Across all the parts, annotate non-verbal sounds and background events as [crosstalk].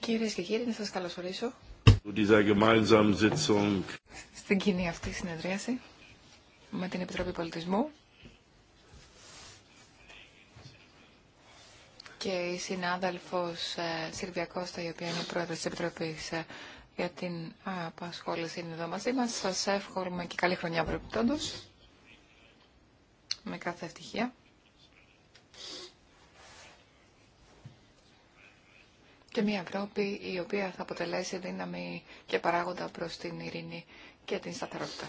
Κυρίε και κύριοι, να σα καλωσορίσω στην κοινή αυτή συνεδρίαση με την Επιτροπή Πολιτισμού και η συνάδελφο ε, Σιρβια Κώστα, η οποία είναι πρόεδρο τη Επιτροπή ε, για την απασχόληση, είναι εδώ μαζί μα. Σα εύχομαι και καλή χρονιά, προεπιπτόντω. Με κάθε ευτυχία. και μια Ευρώπη η οποία θα αποτελέσει δύναμη και παράγοντα προς την ειρήνη και την σταθερότητα.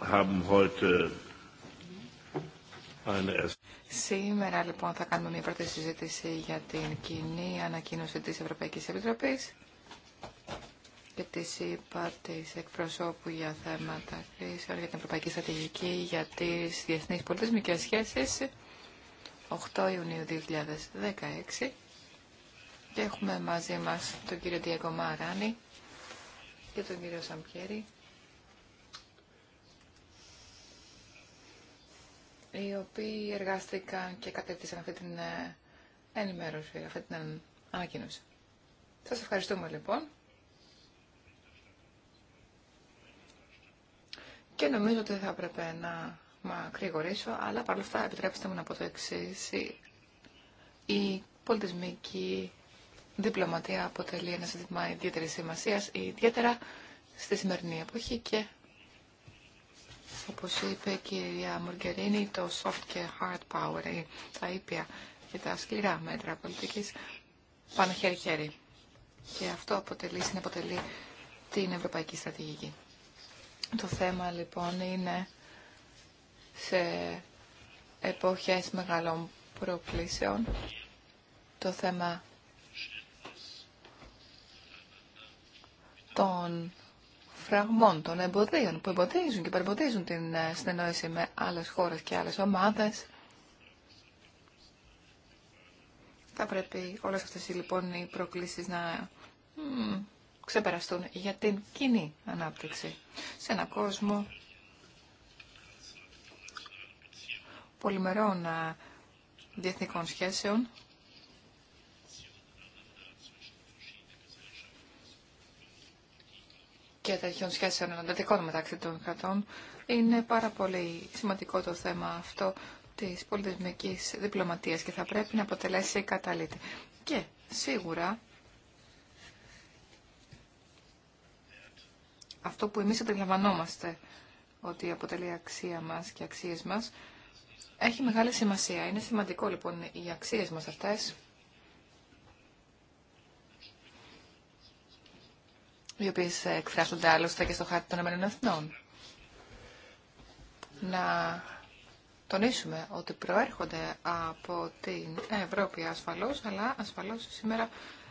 Äh, Σήμερα λοιπόν θα κάνουμε μια πρώτη συζήτηση για την κοινή ανακοίνωση της Ευρωπαϊκής Επιτροπής και τη είπα τη εκπροσώπου για θέματα κρίσεων για την Ευρωπαϊκή Στρατηγική για τις διεθνεί πολιτισμικέ σχέσει. 8 Ιουνίου 2016 και έχουμε μαζί μας τον κύριο Τιέκο Μαράνη και τον κύριο Σαμπιέρη οι οποίοι εργάστηκαν και κατέκτησαν αυτή την ε, ενημέρωση, αυτή την ανακοίνωση. Σας ευχαριστούμε λοιπόν. Και νομίζω ότι θα έπρεπε να μακρηγορήσω, αλλά παρόλα αυτά επιτρέψτε μου να πω το εξή. Η πολιτισμική διπλωματία αποτελεί ένα ζήτημα ιδιαίτερη σημασία, ιδιαίτερα στη σημερινή εποχή και όπως είπε η κυρία Μοργκερίνη, το soft και hard power, τα ήπια και τα σκληρά μέτρα πολιτικής πάνε χέρι-χέρι. Και αυτό αποτελεί, συνεποτελεί την ευρωπαϊκή στρατηγική. Το θέμα λοιπόν είναι σε εποχές μεγάλων προκλήσεων. Το θέμα των φραγμών, των εμποδίων που εμποδίζουν και παρεμποδίζουν την ε, συνεννόηση με άλλες χώρες και άλλες ομάδες. Θα πρέπει όλες αυτές λοιπόν οι προκλήσεις να ξεπεραστούν για την κοινή ανάπτυξη σε ένα κόσμο πολυμερών ε, διεθνικών σχέσεων. και τέτοιων σχέσεων εναντατικών μεταξύ των κρατών. Είναι πάρα πολύ σημαντικό το θέμα αυτό της πολιτισμικής διπλωματίας και θα πρέπει να αποτελέσει καταλήτη. Και σίγουρα αυτό που εμείς αντιλαμβανόμαστε ότι αποτελεί αξία μας και αξίες μας έχει μεγάλη σημασία. Είναι σημαντικό λοιπόν οι αξίες μας αυτές, οι οποίες εκφράζονται άλλωστε και στο χάρτη των Εμένων Εθνών. Να τονίσουμε ότι προέρχονται από την Ευρώπη ασφαλώς, αλλά ασφαλώς σήμερα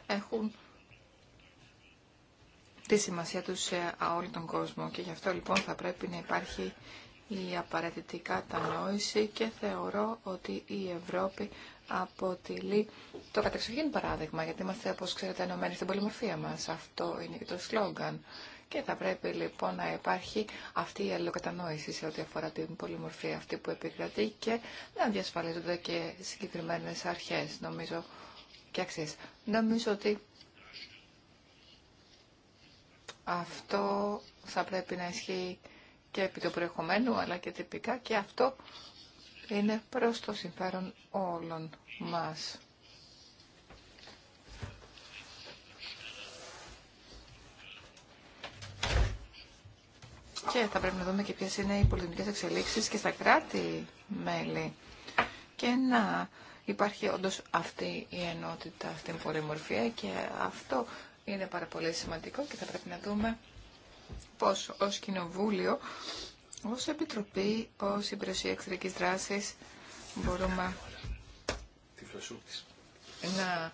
έχουν τη σημασία τους σε όλο τον κόσμο και γι' αυτό λοιπόν θα πρέπει να υπάρχει η απαραίτητη κατανόηση και θεωρώ ότι η Ευρώπη αποτελεί το κατεξοχήν παράδειγμα, γιατί είμαστε, όπω ξέρετε, ενωμένοι στην πολυμορφία μας. Αυτό είναι και το σλόγγαν. Και θα πρέπει λοιπόν να υπάρχει αυτή η αλληλοκατανόηση σε ό,τι αφορά την πολυμορφία αυτή που επικρατεί και να διασφαλίζονται και συγκεκριμένε αρχέ νομίζω, και αξίε. Νομίζω ότι αυτό θα πρέπει να ισχύει και επί του προεχομένου, αλλά και τυπικά και αυτό είναι προς το συμφέρον όλων μας. Και θα πρέπει να δούμε και ποιες είναι οι πολιτικές εξελίξεις και στα κράτη-μέλη και να υπάρχει όντως αυτή η ενότητα στην πολυμορφία και αυτό είναι πάρα πολύ σημαντικό και θα πρέπει να δούμε πώς ως Κοινοβούλιο, ως Επιτροπή, ως Υπηρεσία Εξωτερικής Δράσης μπορούμε να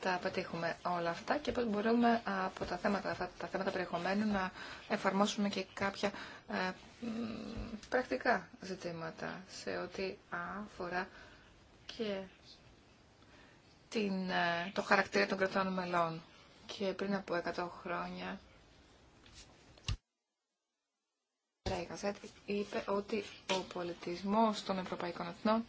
τα πετύχουμε όλα αυτά και πώς μπορούμε από τα θέματα αυτά, τα θέματα περιεχομένου να εφαρμόσουμε και κάποια ε, πρακτικά ζητήματα σε ό,τι αφορά και την, ε, το χαρακτήρα των κρατών μελών. Και πριν από 100 χρόνια η είπε ότι ο πολιτισμός των Ευρωπαϊκών Εθνών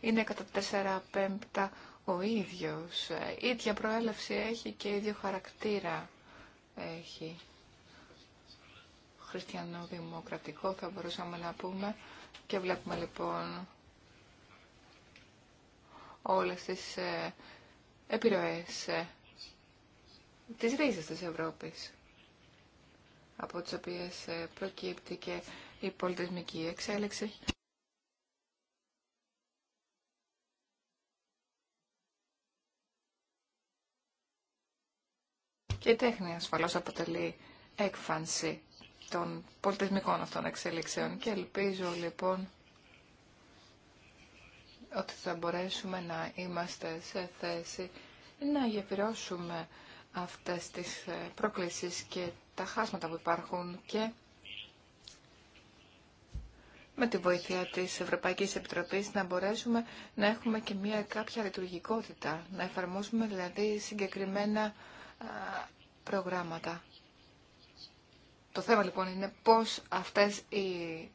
είναι κατά 4 πέμπτα ο ίδιος. Ε, η ίδια προέλευση έχει και ίδιο χαρακτήρα έχει. Χριστιανοδημοκρατικό θα μπορούσαμε να πούμε και βλέπουμε λοιπόν όλες τις ε, επιρροές ε, της ρίζας της Ευρώπης από τις οποίες ε, προκύπτει και η πολιτισμική εξέλιξη. Και η τέχνη ασφαλώς αποτελεί έκφανση των πολιτισμικών αυτών εξέλιξεων και ελπίζω λοιπόν ότι θα μπορέσουμε να είμαστε σε θέση να γεφυρώσουμε αυτές τις ε, προκλήσεις και τα χάσματα που υπάρχουν και με τη βοήθεια της Ευρωπαϊκής Επιτροπής να μπορέσουμε να έχουμε και μια κάποια λειτουργικότητα, να εφαρμόσουμε δηλαδή συγκεκριμένα προγράμματα. Το θέμα λοιπόν είναι πώς αυτές οι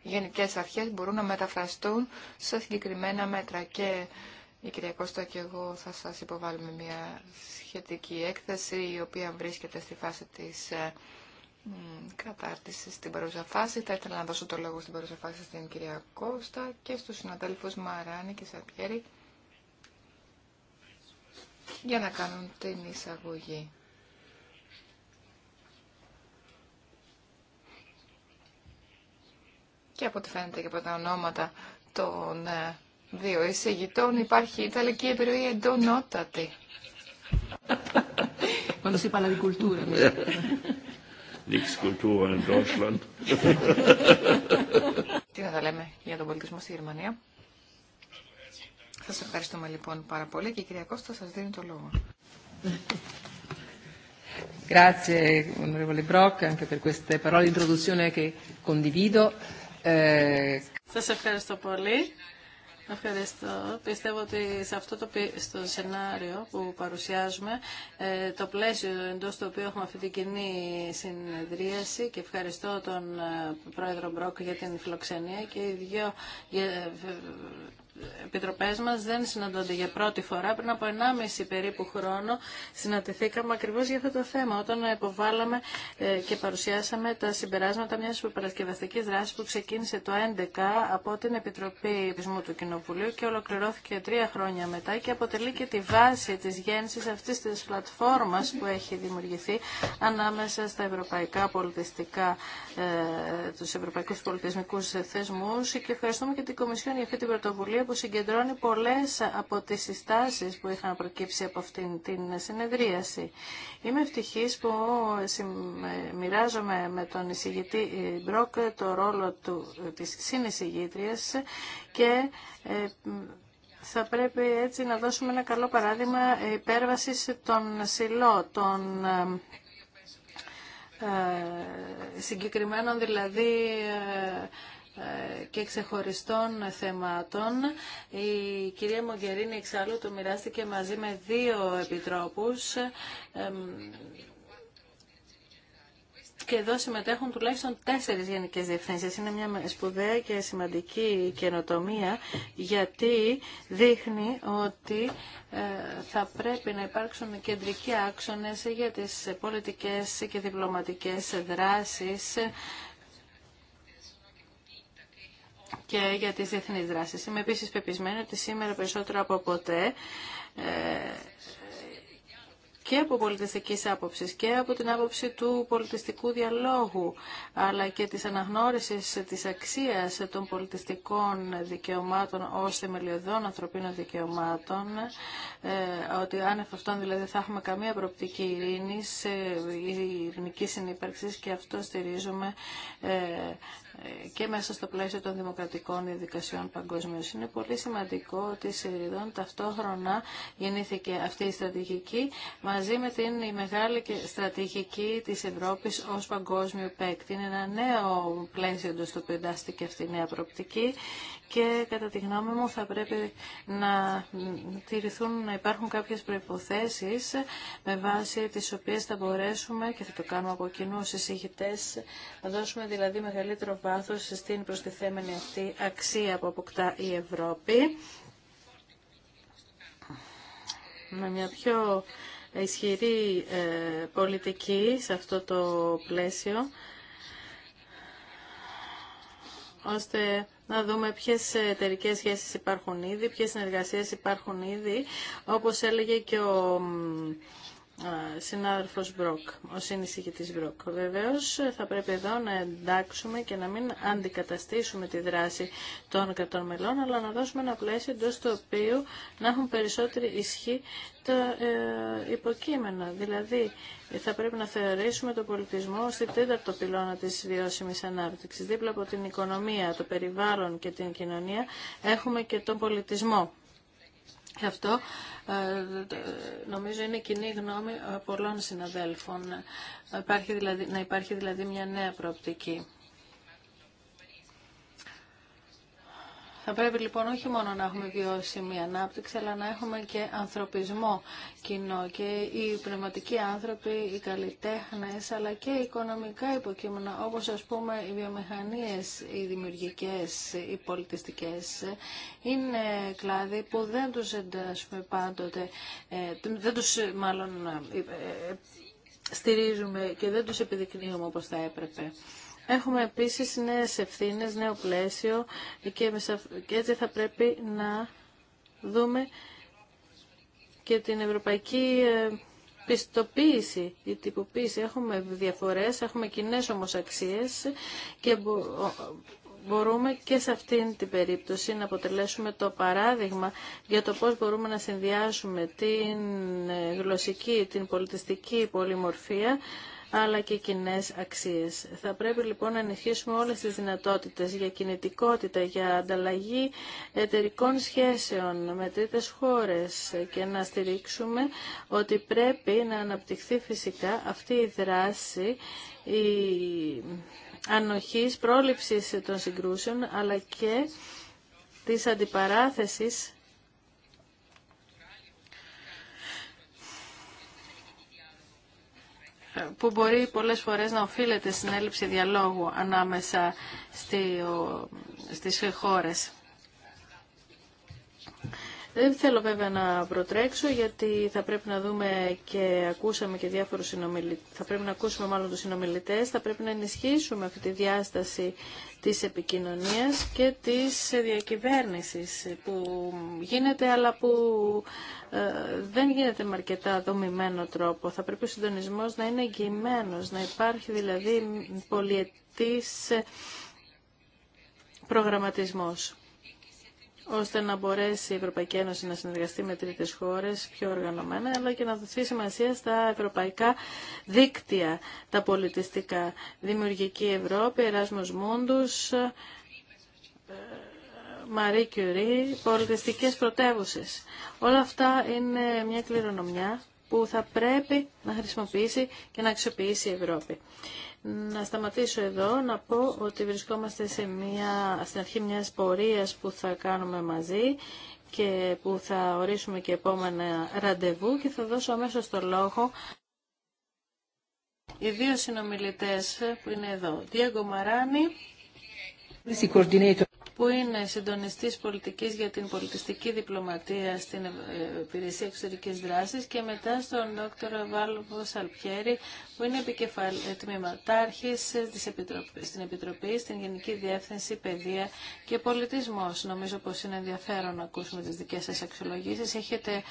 γενικές αρχές μπορούν να μεταφραστούν σε συγκεκριμένα μέτρα και η κυρία Κώστα και εγώ θα σας υποβάλουμε μια σχετική έκθεση η οποία βρίσκεται στη φάση της ε, κατάρτισης στην παρούσα φάση. Θα ήθελα να δώσω το λόγο στην παρούσα φάση στην κυρία Κώστα και στους συναδέλφους Μαράνη και Σαπιέρη για να κάνουν την εισαγωγή. Και από ό,τι φαίνεται και από τα ονόματα των ε, δύο εισηγητών υπάρχει η Ιταλική επιρροή εντονότατη. Quando si parla di cultura. [laughs] Nix cultura in Deutschland. Τι θα λέμε για τον πολιτισμό στη Γερμανία. Σας ευχαριστούμε λοιπόν πάρα πολύ και η κυρία Κώστα σας δίνει το λόγο. Grazie onorevole Brock anche per queste parole di introduzione che condivido. Eh, σας ευχαριστώ πολύ Ευχαριστώ. Πιστεύω ότι σε αυτό το στο σενάριο που παρουσιάζουμε, ε, το πλαίσιο εντός του οποίου έχουμε αυτή την κοινή συνεδρίαση και ευχαριστώ τον ε, Πρόεδρο Μπρόκ για την φιλοξενία και οι δύο επιτροπέ μα, δεν συναντώνται για πρώτη φορά. Πριν από 1,5 περίπου χρόνο συναντηθήκαμε ακριβώ για αυτό το θέμα, όταν υποβάλαμε ε, και παρουσιάσαμε τα συμπεράσματα μια υπερασκευαστική δράση που ξεκίνησε το 2011 από την Επιτροπή Επισμού του Κοινοβουλίου και ολοκληρώθηκε τρία χρόνια μετά και αποτελεί και τη βάση τη γέννηση αυτή τη πλατφόρμα που έχει δημιουργηθεί ανάμεσα στα ευρωπαϊκά πολιτιστικά, ε, τους και ευχαριστούμε και την Κομισιόν για αυτή την πρωτοβουλία που συγκεντρώνει πολλές από τις συστάσεις που είχαν προκύψει από αυτήν την συνεδρίαση. Είμαι ευτυχής που μοιράζομαι με τον εισηγητή ε, Μπρόκ το ρόλο του, ε, της συνεισηγήτριας και ε, θα πρέπει έτσι να δώσουμε ένα καλό παράδειγμα υπέρβασης των σιλό, των συγκεκριμένων δηλαδή ε, και ξεχωριστών θεμάτων. Η κυρία Μογκερίνη εξάλλου το μοιράστηκε μαζί με δύο επιτρόπους και εδώ συμμετέχουν τουλάχιστον τέσσερις γενικές διευθύνσεις. Είναι μια σπουδαία και σημαντική καινοτομία γιατί δείχνει ότι ε, θα πρέπει να υπάρξουν κεντρικοί άξονες για τις πολιτικές και διπλωματικές δράσεις και για τις διεθνείς δράσεις. Είμαι επίσης πεπισμένη ότι σήμερα περισσότερο από ποτέ ε, και από πολιτιστική άποψη και από την άποψη του πολιτιστικού διαλόγου αλλά και της αναγνώρισης της αξίας των πολιτιστικών δικαιωμάτων ως θεμελιωδών ανθρωπίνων δικαιωμάτων ε, ότι αν αυτόν δηλαδή θα έχουμε καμία προοπτική ειρήνης, ε, ειρηνική συνύπαρξη και αυτό στηρίζουμε και μέσα στο πλαίσιο των δημοκρατικών διαδικασιών παγκοσμίω. Είναι πολύ σημαντικό ότι σε σχεδόν ταυτόχρονα γεννήθηκε αυτή η στρατηγική μαζί με την μεγάλη στρατηγική της Ευρώπης ως παγκόσμιο παίκτη. Είναι ένα νέο πλαίσιο εντό του εντάσσεται εντάστηκε αυτή η νέα προοπτική και κατά τη γνώμη μου θα πρέπει να τηρηθούν να υπάρχουν κάποιες προϋποθέσεις με βάση τις οποίες θα μπορέσουμε και θα το κάνουμε από κοινού ως να δώσουμε δηλαδή μεγαλύτερο βάθος στην προστιθέμενη αυτή αξία που αποκτά η Ευρώπη με μια πιο ισχυρή ε, πολιτική σε αυτό το πλαίσιο ώστε να δούμε ποιες εταιρικέ σχέσεις υπάρχουν ήδη, ποιες συνεργασίες υπάρχουν ήδη. Όπως έλεγε και ο συνάδελφος Μπροκ, ο συνεισηγητής Μπροκ. Βεβαίως θα πρέπει εδώ να εντάξουμε και να μην αντικαταστήσουμε τη δράση των κρατών μελών, αλλά να δώσουμε ένα πλαίσιο εντός του οποίου να έχουν περισσότερη ισχύ τα ε, υποκείμενα. Δηλαδή, θα πρέπει να θεωρήσουμε τον πολιτισμό στην τέταρτο πυλώνα της βιώσιμης ανάπτυξης. Δίπλα από την οικονομία, το περιβάλλον και την κοινωνία έχουμε και τον πολιτισμό. Και Αυτό ε, νομίζω είναι κοινή γνώμη ε, πολλών συναδέλφων. Ε, υπάρχει δηλαδή, να υπάρχει δηλαδή μια νέα προοπτική. Θα πρέπει λοιπόν όχι μόνο να έχουμε βιώσιμη ανάπτυξη, αλλά να έχουμε και ανθρωπισμό κοινό και οι πνευματικοί άνθρωποι, οι καλλιτέχνε, αλλά και οι οικονομικά υποκείμενα, όπω α πούμε οι βιομηχανίες, οι δημιουργικές, οι πολιτιστικές, είναι κλάδοι που δεν τους εντάσσουμε πάντοτε, ε, δεν τους μάλλον ε, ε, στηρίζουμε και δεν του επιδεικνύουμε όπω θα έπρεπε. Έχουμε επίσης νέες ευθύνες, νέο πλαίσιο και έτσι θα πρέπει να δούμε και την ευρωπαϊκή ε, πιστοποίηση, η τυποποίηση. Έχουμε διαφορές, έχουμε κοινέ όμως αξίες και μπορούμε και σε αυτήν την περίπτωση να αποτελέσουμε το παράδειγμα για το πώς μπορούμε να συνδυάσουμε την ε, γλωσσική, την πολιτιστική πολυμορφία αλλά και κοινέ αξίε. Θα πρέπει λοιπόν να ενισχύσουμε όλες τι δυνατότητες για κινητικότητα, για ανταλλαγή εταιρικών σχέσεων με τρίτε χώρες και να στηρίξουμε ότι πρέπει να αναπτυχθεί φυσικά αυτή η δράση, η ανοχής, πρόληψης των συγκρούσεων, αλλά και της αντιπαράθεσης που μπορεί πολλές φορές να οφείλεται στην έλλειψη διαλόγου ανάμεσα στις χώρες. Δεν θέλω βέβαια να προτρέξω γιατί θα πρέπει να δούμε και ακούσαμε και διάφορους συνομιλητές, θα πρέπει να ακούσουμε μάλλον τους συνομιλητές, θα πρέπει να ενισχύσουμε αυτή τη διάσταση της επικοινωνίας και της διακυβέρνησης που γίνεται αλλά που ε, δεν γίνεται με αρκετά δομημένο τρόπο. Θα πρέπει ο συντονισμός να είναι εγγυημένος, να υπάρχει δηλαδή πολιετής ε, προγραμματισμός ώστε να μπορέσει η Ευρωπαϊκή Ένωση να συνεργαστεί με τρίτες χώρες πιο οργανωμένα, αλλά και να δοθεί σημασία στα ευρωπαϊκά δίκτυα, τα πολιτιστικά. Δημιουργική Ευρώπη, Εράσμος Μούντους, Μαρή Κιουρί, πολιτιστικές πρωτεύουσες. Όλα αυτά είναι μια κληρονομιά που θα πρέπει να χρησιμοποιήσει και να αξιοποιήσει η Ευρώπη. Να σταματήσω εδώ, να πω ότι βρισκόμαστε σε μια, στην αρχή μιας πορείας που θα κάνουμε μαζί και που θα ορίσουμε και επόμενα ραντεβού και θα δώσω αμέσως το λόγο οι δύο συνομιλητές που είναι εδώ. Διέγκο Μαράνη που είναι συντονιστή πολιτική για την πολιτιστική διπλωματία στην ε, Υπηρεσία Εξωτερική Δράση και μετά στον δόκτωρο Βάλβο Σαλπιέρη που είναι τμήματάρχη ε, τμήματάρχης στην Επιτροπή στην Γενική Διεύθυνση Παιδεία και Πολιτισμό. Νομίζω πω είναι ενδιαφέρον να ακούσουμε τι δικέ σα αξιολογήσει. Έχετε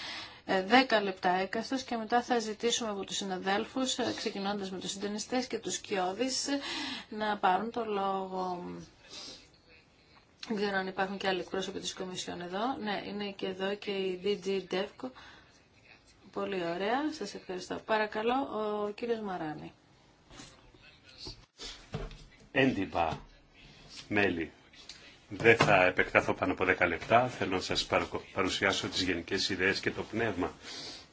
10 ε, λεπτά έκαστος και μετά θα ζητήσουμε από τους συναδέλφους, ξεκινώντας με τους συντονιστές και τους κοιόδης, να πάρουν το λόγο. Δεν ξέρω αν υπάρχουν και άλλοι εκπρόσωποι της Κομισιόν εδώ. Ναι, είναι και εδώ και η DG DEFCO. Πολύ ωραία. Σας ευχαριστώ. Παρακαλώ, ο κύριος Μαράνη. Έντυπα μέλη. Δεν θα επεκτάθω πάνω από 10 λεπτά. Θέλω να σας παρουσιάσω τις γενικές ιδέες και το πνεύμα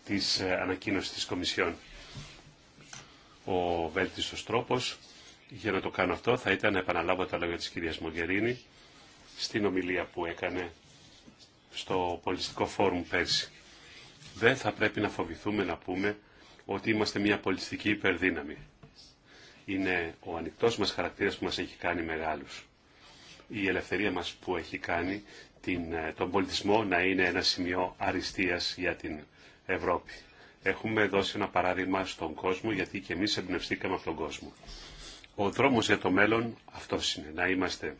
της ε, ανακοίνωσης της Κομισιόν. Ο βέλτιστος τρόπος για να το κάνω αυτό θα ήταν να επαναλάβω τα λόγια της κυρίας Μογγερίνη στην ομιλία που έκανε στο πολιτιστικό φόρουμ πέρσι. Δεν θα πρέπει να φοβηθούμε να πούμε ότι είμαστε μια πολιτιστική υπερδύναμη. Είναι ο ανοιχτός μας χαρακτήρας που μας έχει κάνει μεγάλους. Η ελευθερία μας που έχει κάνει την, ε, τον πολιτισμό να είναι ένα σημείο αριστείας για την Ευρώπη. Έχουμε δώσει ένα παράδειγμα στον κόσμο γιατί και εμείς εμπνευστήκαμε από τον κόσμο. Ο δρόμος για το μέλλον αυτός είναι, να είμαστε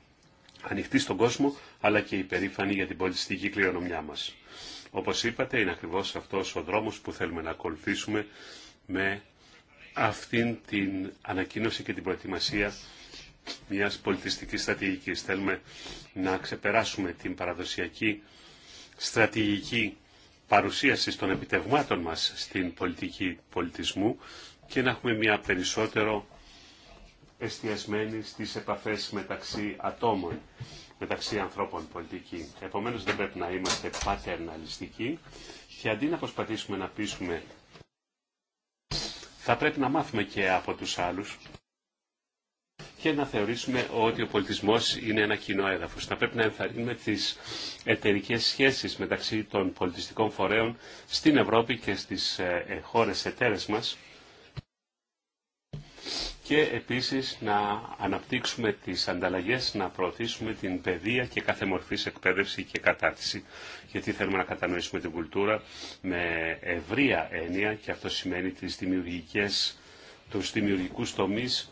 ανοιχτή στον κόσμο, αλλά και υπερήφανη για την πολιτιστική κληρονομιά μας. Όπως είπατε, είναι ακριβώς αυτός ο δρόμος που θέλουμε να ακολουθήσουμε με αυτήν την ανακοίνωση και την προετοιμασία μιας πολιτιστικής στρατηγικής. Θέλουμε να ξεπεράσουμε την παραδοσιακή στρατηγική παρουσίαση των επιτευγμάτων μας στην πολιτική πολιτισμού και να έχουμε μια περισσότερο εστιασμένη στις επαφές μεταξύ ατόμων, μεταξύ ανθρώπων πολιτική. Επομένως δεν πρέπει να είμαστε πατερναλιστικοί και αντί να προσπαθήσουμε να πείσουμε θα πρέπει να μάθουμε και από τους άλλους και να θεωρήσουμε ότι ο πολιτισμός είναι ένα κοινό έδαφος. Θα πρέπει να ενθαρρύνουμε τις εταιρικές σχέσεις μεταξύ των πολιτιστικών φορέων στην Ευρώπη και στις ε, χώρες εταίρες μας και επίσης να αναπτύξουμε τις ανταλλαγές, να προωθήσουμε την παιδεία και κάθε μορφής εκπαίδευση και κατάρτιση. Γιατί θέλουμε να κατανοήσουμε την κουλτούρα με ευρία έννοια και αυτό σημαίνει τις δημιουργικές, τους δημιουργικούς τομείς,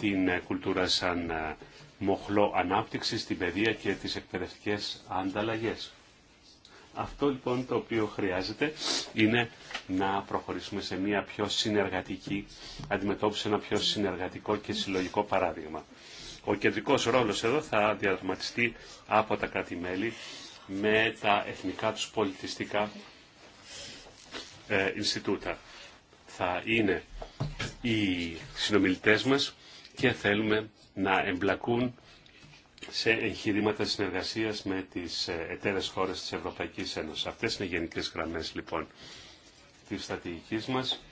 την κουλτούρα σαν μοχλό ανάπτυξης, την παιδεία και τις εκπαιδευτικές ανταλλαγές. Αυτό λοιπόν το οποίο χρειάζεται είναι να προχωρήσουμε σε μια πιο συνεργατική αντιμετώπιση, ένα πιο συνεργατικό και συλλογικό παράδειγμα. Ο κεντρικός ρόλος εδώ θα διαδραματιστεί από τα κράτη-μέλη με τα εθνικά τους πολιτιστικά ε, Ινστιτούτα. Θα είναι οι συνομιλητές μας και θέλουμε να εμπλακούν σε εγχειρήματα συνεργασίας με τις ε, εταίρες χώρες της Ευρωπαϊκής Ένωσης. Αυτές είναι οι γενικές γραμμές λοιπόν της στρατηγικής μας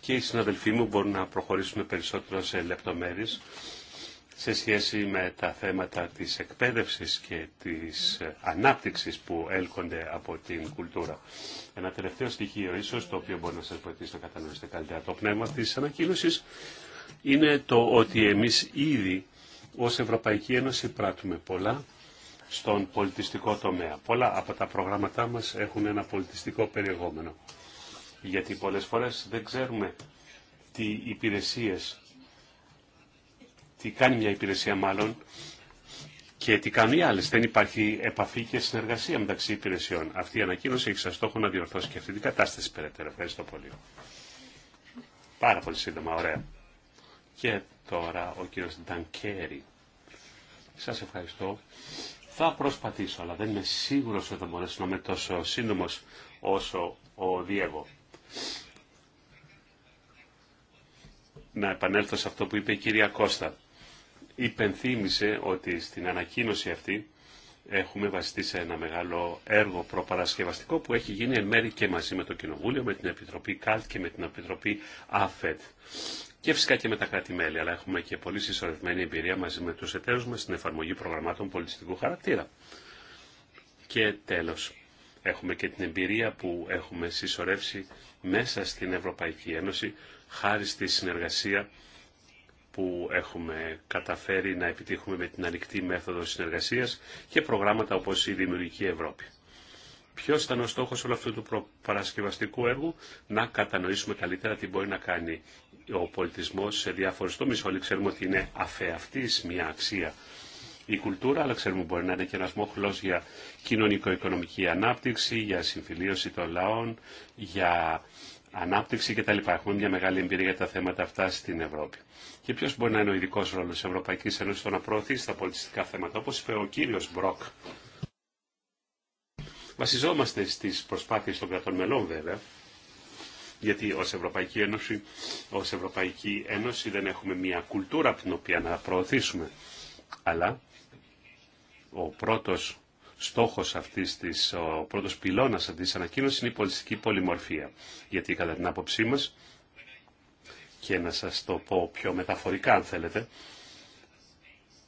και οι συναδελφοί μου μπορούν να προχωρήσουν περισσότερο σε λεπτομέρειες σε σχέση με τα θέματα της εκπαίδευσης και της ε, ανάπτυξης που έλκονται από την κουλτούρα. Ένα τελευταίο στοιχείο ίσως, το οποίο μπορεί να σας βοηθήσει να κατανοήσετε καλύτερα το πνεύμα της ανακοίνωσης, είναι το ότι εμείς ήδη ως Ευρωπαϊκή Ένωση πράττουμε πολλά στον πολιτιστικό τομέα. Πολλά από τα προγράμματά μας έχουν ένα πολιτιστικό περιεχόμενο. Γιατί πολλές φορές δεν ξέρουμε τι υπηρεσίες, τι κάνει μια υπηρεσία μάλλον και τι κάνουν οι άλλες. Δεν υπάρχει επαφή και συνεργασία μεταξύ υπηρεσιών. Αυτή η ανακοίνωση έχει σαν στόχο να διορθώσει και αυτή την κατάσταση περαιτέρω. Ευχαριστώ πολύ. Πάρα πολύ σύντομα, ωραία. Και τώρα ο κύριος Ντανκέρη. Σας ευχαριστώ. Θα προσπαθήσω, αλλά δεν είμαι σίγουρος ότι θα μπορέσω να είμαι τόσο σύντομος όσο ο Διέγο. Να επανέλθω σε αυτό που είπε η κυρία Κώστα. Υπενθύμησε ότι στην ανακοίνωση αυτή έχουμε βασιστεί σε ένα μεγάλο έργο προπαρασκευαστικό που έχει γίνει εν μέρη και μαζί με το Κοινοβούλιο, με την Επιτροπή ΚΑΛΤ και με την Επιτροπή ΑΦΕΤ και φυσικά και με τα κράτη-μέλη, αλλά έχουμε και πολύ συσσωρευμένη εμπειρία μαζί με τους εταίρους μας στην εφαρμογή προγραμμάτων πολιτιστικού χαρακτήρα. Και τέλος, έχουμε και την εμπειρία που έχουμε συσσωρεύσει μέσα στην Ευρωπαϊκή Ένωση, χάρη στη συνεργασία που έχουμε καταφέρει να επιτύχουμε με την ανοιχτή μέθοδο συνεργασίας και προγράμματα όπως η Δημιουργική Ευρώπη. Ποιο ήταν ο στόχος όλου αυτού του παρασκευαστικού έργου, να κατανοήσουμε καλύτερα τι μπορεί να κάνει ο πολιτισμός σε διάφορους τομείς. Όλοι ξέρουμε ότι είναι αφεαυτής μια αξία η κουλτούρα, αλλά ξέρουμε μπορεί να είναι και ένας μόχλος για κοινωνικο-οικονομική ανάπτυξη, για συμφιλίωση των λαών, για ανάπτυξη κτλ. Έχουμε μια μεγάλη εμπειρία για τα θέματα αυτά στην Ευρώπη. Και ποιο μπορεί να είναι ο ειδικό ρόλο τη Ευρωπαϊκή Ένωση στο να προωθήσει τα πολιτιστικά θέματα, όπω είπε ο κύριο Μπροκ. Βασιζόμαστε στις προσπάθειε των κρατών μελών, βέβαια, γιατί ως Ευρωπαϊκή Ένωση, ως Ευρωπαϊκή Ένωση δεν έχουμε μια κουλτούρα από την οποία να προωθήσουμε. Αλλά ο πρώτος στόχος αυτής της, ο πρώτος πυλώνας αυτής της ανακοίνωσης είναι η πολιτιστική πολυμορφία. Γιατί κατά την άποψή μας, και να σας το πω πιο μεταφορικά αν θέλετε,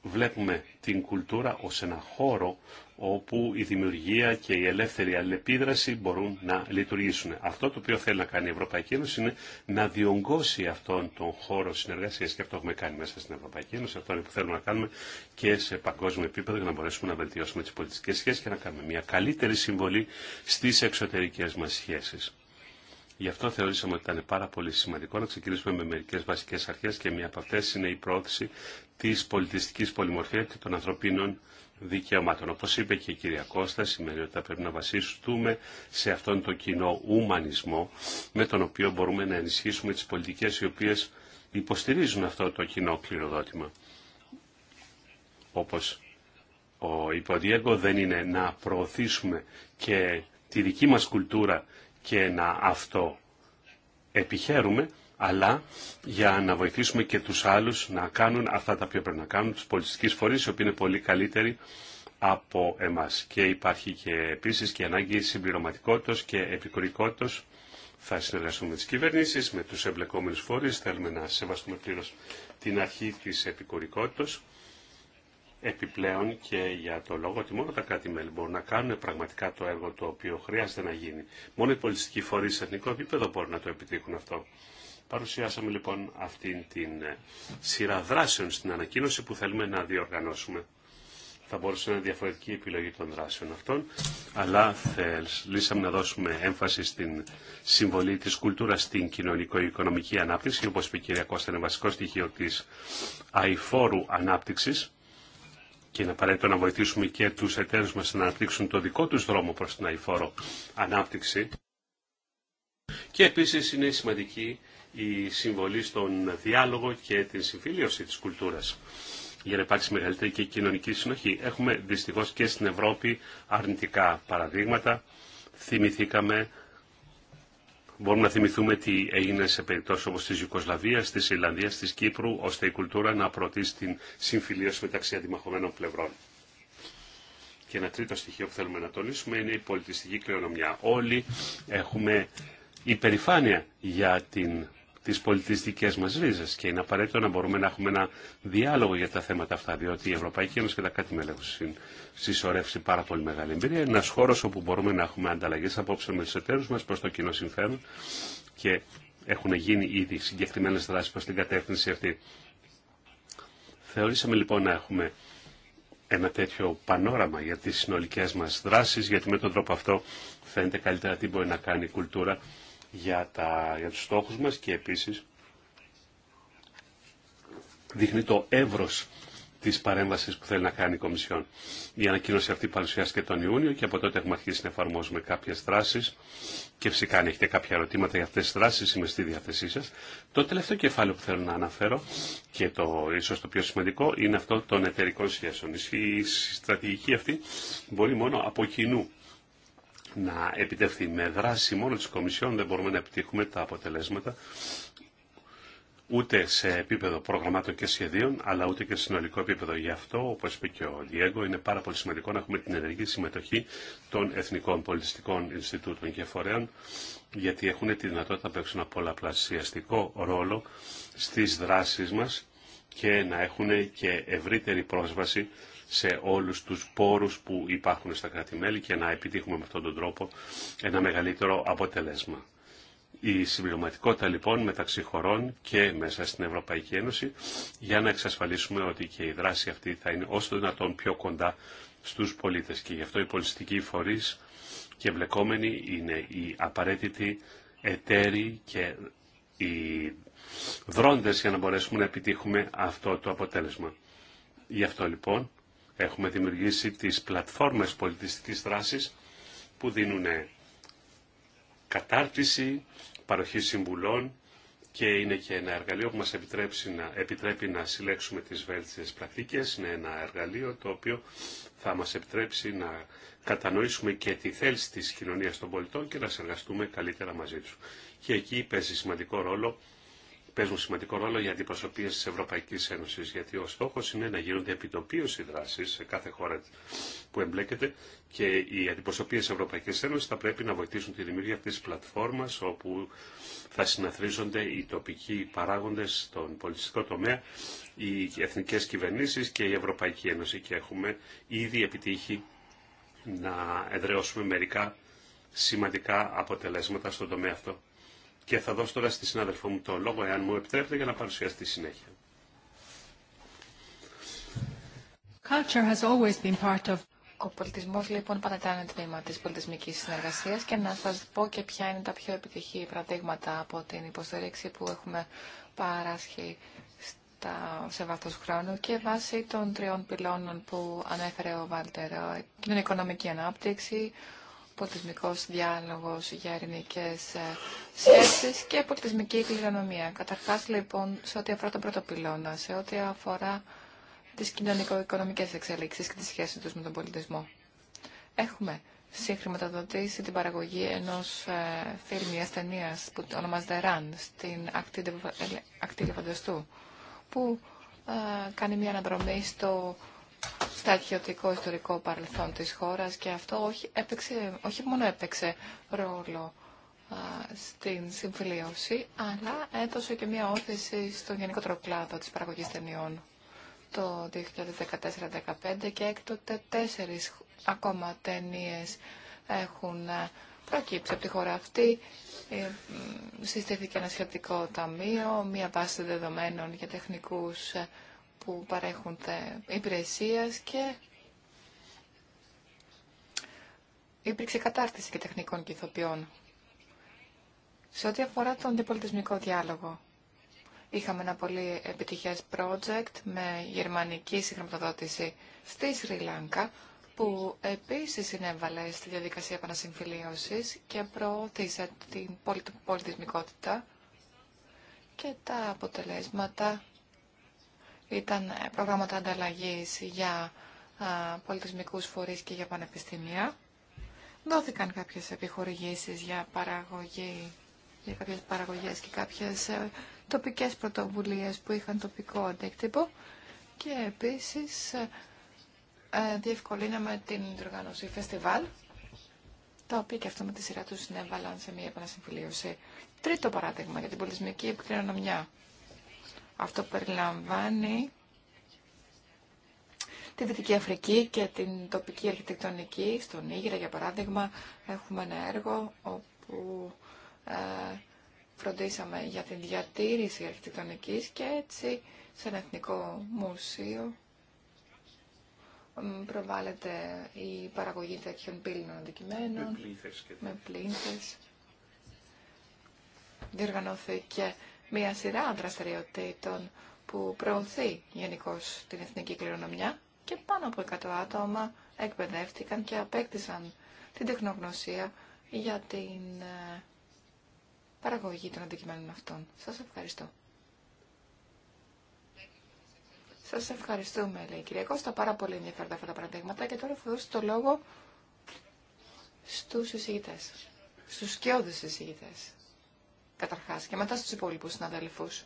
βλέπουμε την κουλτούρα ως ένα χώρο όπου η δημιουργία και η ελεύθερη αλληλεπίδραση μπορούν να λειτουργήσουν. Αυτό το οποίο θέλει να κάνει η Ευρωπαϊκή Ένωση είναι να διονγκώσει αυτόν τον χώρο συνεργασίας και αυτό έχουμε κάνει μέσα στην Ευρωπαϊκή Ένωση, αυτό είναι που θέλουμε να κάνουμε και σε παγκόσμιο επίπεδο για να μπορέσουμε να βελτιώσουμε τις πολιτικές σχέσεις και να κάνουμε μια καλύτερη συμβολή στις εξωτερικές μας σχέσεις. Γι' αυτό θεωρήσαμε ότι ήταν πάρα πολύ σημαντικό να ξεκινήσουμε με μερικέ βασικέ αρχέ και μία από αυτέ είναι η πρόθεση της πολιτιστικής πολυμορφίας και των ανθρωπίνων δικαιωμάτων. Όπως είπε και η κυρία Κώστα, σημαίνει ότι θα πρέπει να βασιστούμε σε αυτόν τον κοινό ουμανισμό με τον οποίο μπορούμε να ενισχύσουμε τις πολιτικές οι οποίες υποστηρίζουν αυτό το κοινό κληροδότημα. Όπως ο υποδιέγκο δεν είναι να προωθήσουμε και τη δική μας κουλτούρα και να αυτό επιχαίρουμε, αλλά για να βοηθήσουμε και τους άλλους να κάνουν αυτά τα οποία πρέπει να κάνουν, τους πολιτιστικούς φορείς, οι οποίοι είναι πολύ καλύτεροι από εμάς. Και υπάρχει και επίσης και ανάγκη συμπληρωματικότητας και επικουρικότητας. Θα συνεργαστούμε με τις κυβερνήσεις, με τους εμπλεκόμενους φορείς, θέλουμε να σεβαστούμε πλήρως την αρχή της επικουρικότητας. Επιπλέον και για το λόγο ότι μόνο τα κράτη-μέλη μπορούν να κάνουν πραγματικά το έργο το οποίο χρειάζεται να γίνει. Μόνο οι πολιτιστικοί φορείς σε εθνικό επίπεδο μπορούν να το επιτύχουν αυτό. Παρουσιάσαμε λοιπόν αυτήν την ε, σειρά δράσεων στην ανακοίνωση που θέλουμε να διοργανώσουμε. Θα μπορούσε να είναι διαφορετική επιλογή των δράσεων αυτών, αλλά θελήσαμε να δώσουμε έμφαση στην συμβολή της κουλτούρας στην κοινωνικο-οικονομική ανάπτυξη, όπως είπε η κυρία Κώστα, είναι βασικό στοιχείο της αηφόρου ανάπτυξης και είναι απαραίτητο να βοηθήσουμε και τους εταίρους μας να αναπτύξουν το δικό τους δρόμο προς την αηφόρο ανάπτυξη. Και επίσης είναι σημαντική η συμβολή στον διάλογο και την συμφιλίωση της κουλτούρας για να υπάρξει μεγαλύτερη και κοινωνική συνοχή. Έχουμε δυστυχώς και στην Ευρώπη αρνητικά παραδείγματα. Θυμηθήκαμε, μπορούμε να θυμηθούμε τι έγινε σε περιπτώσει όπως της Ιουκοσλαβίας, της Ιλλανδίας, της Κύπρου, ώστε η κουλτούρα να προωθήσει την συμφιλίωση μεταξύ αντιμαχωμένων πλευρών. Και ένα τρίτο στοιχείο που θέλουμε να τονίσουμε είναι η πολιτιστική κληρονομιά. Όλοι έχουμε υπερηφάνεια για την τι πολιτιστικέ μα ρίζε. και είναι απαραίτητο να μπορούμε να έχουμε ένα διάλογο για τα θέματα αυτά, διότι η Ευρωπαϊκή Ένωση και τα κάτι μελέτη συσσωρεύσει πάρα πολύ μεγάλη εμπειρία. Είναι χώρο χώρο όπου μπορούμε να έχουμε ανταλλαγέ απόψε με του εταίρου μα προ το κοινό συμφέρον και έχουν γίνει ήδη συγκεκριμένε δράσει προ την κατεύθυνση αυτή. Θεωρήσαμε λοιπόν να έχουμε ένα τέτοιο πανόραμα για τις συνολικές μας δράσεις, γιατί με τον τρόπο αυτό φαίνεται καλύτερα τι μπορεί να κάνει η κουλτούρα για, τα, για τους στόχους μας και επίσης δείχνει το εύρος τη παρέμβαση που θέλει να κάνει η Κομισιόν. Η ανακοίνωση αυτή παρουσιάστηκε τον Ιούνιο και από τότε έχουμε αρχίσει να εφαρμόζουμε κάποιε δράσει. Και φυσικά, αν έχετε κάποια ερωτήματα για αυτέ τι δράσει, είμαι στη διάθεσή σα. Το τελευταίο κεφάλαιο που θέλω να αναφέρω και το ίσω το πιο σημαντικό είναι αυτό των εταιρικών σχέσεων. Η στρατηγική αυτή μπορεί μόνο από κοινού να επιτευχθεί με δράση μόνο της Κομισιόν δεν μπορούμε να επιτύχουμε τα αποτελέσματα ούτε σε επίπεδο προγραμμάτων και σχεδίων, αλλά ούτε και σε συνολικό επίπεδο. Γι' αυτό, όπω είπε και ο Διέγκο, είναι πάρα πολύ σημαντικό να έχουμε την ενεργή συμμετοχή των Εθνικών Πολιτιστικών Ινστιτούτων και Φορέων, γιατί έχουν τη δυνατότητα να παίξουν ένα πολλαπλασιαστικό ρόλο στις δράσεις μας και να έχουν και ευρύτερη πρόσβαση σε όλους τους πόρους που υπάρχουν στα κρατη και να επιτύχουμε με αυτόν τον τρόπο ένα μεγαλύτερο αποτελέσμα. Η συμπληρωματικότητα λοιπόν μεταξύ χωρών και μέσα στην Ευρωπαϊκή Ένωση για να εξασφαλίσουμε ότι και η δράση αυτή θα είναι όσο δυνατόν πιο κοντά στους πολίτες και γι' αυτό οι πολιτιστικοί φορείς και εμπλεκόμενοι είναι οι απαραίτητοι εταίροι και οι δρόντες για να μπορέσουμε να επιτύχουμε αυτό το αποτέλεσμα. Γι' αυτό λοιπόν Έχουμε δημιουργήσει τις πλατφόρμες πολιτιστικής δράσης που δίνουν κατάρτιση, παροχή συμβουλών και είναι και ένα εργαλείο που μας επιτρέψει να, επιτρέπει να συλλέξουμε τις βέλτιστες πρακτικές. Είναι ένα εργαλείο το οποίο θα μας επιτρέψει να κατανοήσουμε και τη θέληση της κοινωνίας των πολιτών και να συνεργαστούμε καλύτερα μαζί τους. Και εκεί παίζει σημαντικό ρόλο παίζουν σημαντικό ρόλο για αντιπροσωπείε τη Ευρωπαϊκή Ένωση, γιατί ο στόχο είναι να γίνονται επιτοπίωση οι δράσεις σε κάθε χώρα που εμπλέκεται και οι αντιπροσωπείε της Ευρωπαϊκής Ένωσης θα πρέπει να βοηθήσουν τη δημιουργία αυτής τη πλατφόρμας όπου θα συναθρίζονται οι τοπικοί παράγοντε στον πολιτιστικό τομέα, οι εθνικέ κυβερνήσει και η Ευρωπαϊκή Ένωση και έχουμε ήδη επιτύχει να εδραιώσουμε μερικά σημαντικά αποτελέσματα στον τομέα αυτό και θα δώσω τώρα στη συνάδελφό μου το λόγο, εάν μου επιτρέπετε, για να παρουσιάσει τη συνέχεια. Ο πολιτισμός λοιπόν πάντα ήταν τμήμα της πολιτισμικής συνεργασίας και να σας πω και ποια είναι τα πιο επιτυχή παραδείγματα από την υποστηρίξη που έχουμε παράσχει στα σε βάθος χρόνου και βάσει των τριών πυλώνων που ανέφερε ο Βάλτερ, ε, την οικονομική ανάπτυξη, πολιτισμικός διάλογος για ειρηνικές ε, σχέσεις και πολιτισμική κληρονομία. Καταρχάς, λοιπόν, σε ό,τι αφορά τον πρώτο πυλώνα, σε ό,τι αφορά τις κοινωνικο-οικονομικές εξελίξεις και τη σχέση τους με τον πολιτισμό. Έχουμε συγχρηματοδοτήσει την παραγωγή ενός ε, φιλμ, ταινίας που ονομάζεται Ραν, στην Ακτή Λεφαντεστού, που ε, κάνει μια αναδρομή στο στρατιωτικό ιστορικό παρελθόν της χώρας και αυτό όχι, όχι μόνο έπαιξε ρόλο στην συμφιλίωση, αλλά έδωσε και μια όθηση στον γενικό κλάδο της παραγωγής ταινιών το 2014-2015 και έκτοτε τέσσερις ακόμα ταινίες έχουν προκύψει από τη χώρα αυτή. Ε, συστήθηκε ένα σχετικό ταμείο, μια βάση δεδομένων για τεχνικούς που παρέχονται υπηρεσίες και υπήρξε κατάρτιση και τεχνικών και ηθοποιών. Σε ό,τι αφορά τον αντιπολιτισμικό διάλογο, είχαμε ένα πολύ επιτυχές project με γερμανική συγχρηματοδότηση στη Σρι Λάνκα, που επίσης συνέβαλε στη διαδικασία επανασυμφιλίωσης και προώθησε την πολιτισμικότητα και τα αποτελέσματα ήταν ε, προγράμματα ανταλλαγής για ε, πολιτισμικούς φορείς και για πανεπιστήμια. Δόθηκαν κάποιες επιχορηγήσεις για παραγωγή για κάποιες παραγωγές και κάποιες ε, τοπικές πρωτοβουλίες που είχαν τοπικό αντίκτυπο και επίσης διευκολύναμε την διοργάνωση φεστιβάλ τα οποία και αυτό με τη σειρά του συνέβαλαν σε μια επανασυμφιλίωση. Τρίτο παράδειγμα για την πολιτισμική κληρονομιά. Αυτό περιλαμβάνει τη Δυτική Αφρική και την τοπική αρχιτεκτονική. Στον Νίγηρα, για παράδειγμα, έχουμε ένα έργο όπου ε, φροντίσαμε για την διατήρηση αρχιτεκτονικής και έτσι σε ένα εθνικό μουσείο προβάλλεται η παραγωγή τέτοιων πύλινων αντικειμένων με πλήθες μια σειρά δραστηριοτήτων που προωθεί γενικώ την εθνική κληρονομιά και πάνω από 100 άτομα εκπαιδεύτηκαν και απέκτησαν την τεχνογνωσία για την ε, παραγωγή των αντικειμένων αυτών. Σας ευχαριστώ. Σας ευχαριστούμε, λέει η κυρία Κώστα, πάρα πολύ ενδιαφέροντα αυτά τα παραδείγματα και τώρα θα δώσω το λόγο στους εισηγητές, στους σκιώδους εισηγητές καταρχάς και μετά στους υπόλοιπους συναδέλφους.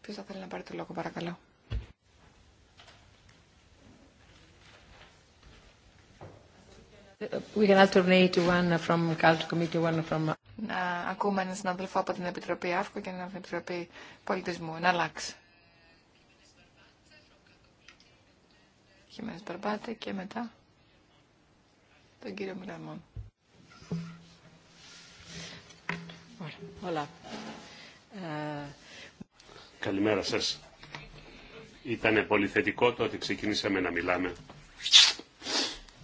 Ποιος θα θέλει να πάρει το λόγο, παρακαλώ. We can alternate one from Culture Committee, one from... Να ακούμε έναν συναδελφό από την Επιτροπή ΑΦΚΟ και έναν την Επιτροπή Πολιτισμού. Να αλλάξει. Χιμένες Μπαρμπάτε και μετά τον κύριο Μιλαμόν. Ε, Καλημέρα σας. Ήταν πολύ θετικό το ότι ξεκινήσαμε να μιλάμε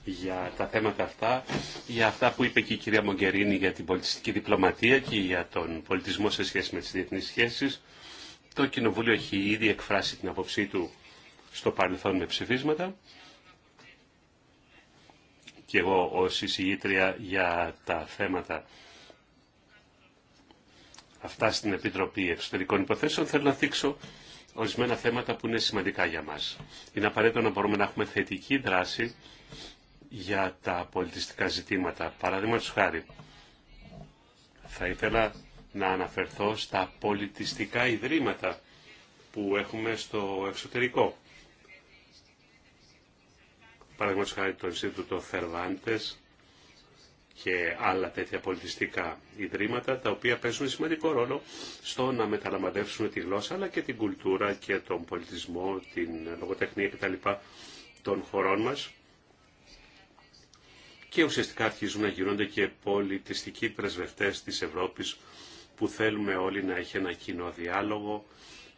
για τα θέματα αυτά, για αυτά που είπε και η κυρία Μογκερίνη για την πολιτιστική διπλωματία και για τον πολιτισμό σε σχέση με τις διεθνείς σχέσεις. Το Κοινοβούλιο έχει ήδη εκφράσει την απόψή του στο παρελθόν με ψηφίσματα και εγώ ως εισηγήτρια για τα θέματα αυτά στην Επιτροπή Εξωτερικών Υποθέσεων, θέλω να δείξω ορισμένα θέματα που είναι σημαντικά για μας. Είναι απαραίτητο να μπορούμε να έχουμε θετική δράση για τα πολιτιστικά ζητήματα. Παραδείγματο χάρη, θα ήθελα να αναφερθώ στα πολιτιστικά ιδρύματα που έχουμε στο εξωτερικό. Παραδείγματο χάρη το Ινστιτούτο Θερβάντες, και άλλα τέτοια πολιτιστικά ιδρύματα, τα οποία παίζουν σημαντικό ρόλο στο να μεταλαμβαδεύσουν τη γλώσσα, αλλά και την κουλτούρα και τον πολιτισμό, την λογοτεχνία κτλ. των χωρών μας. Και ουσιαστικά αρχίζουν να γίνονται και πολιτιστικοί πρεσβευτές της Ευρώπης, που θέλουμε όλοι να έχει ένα κοινό διάλογο,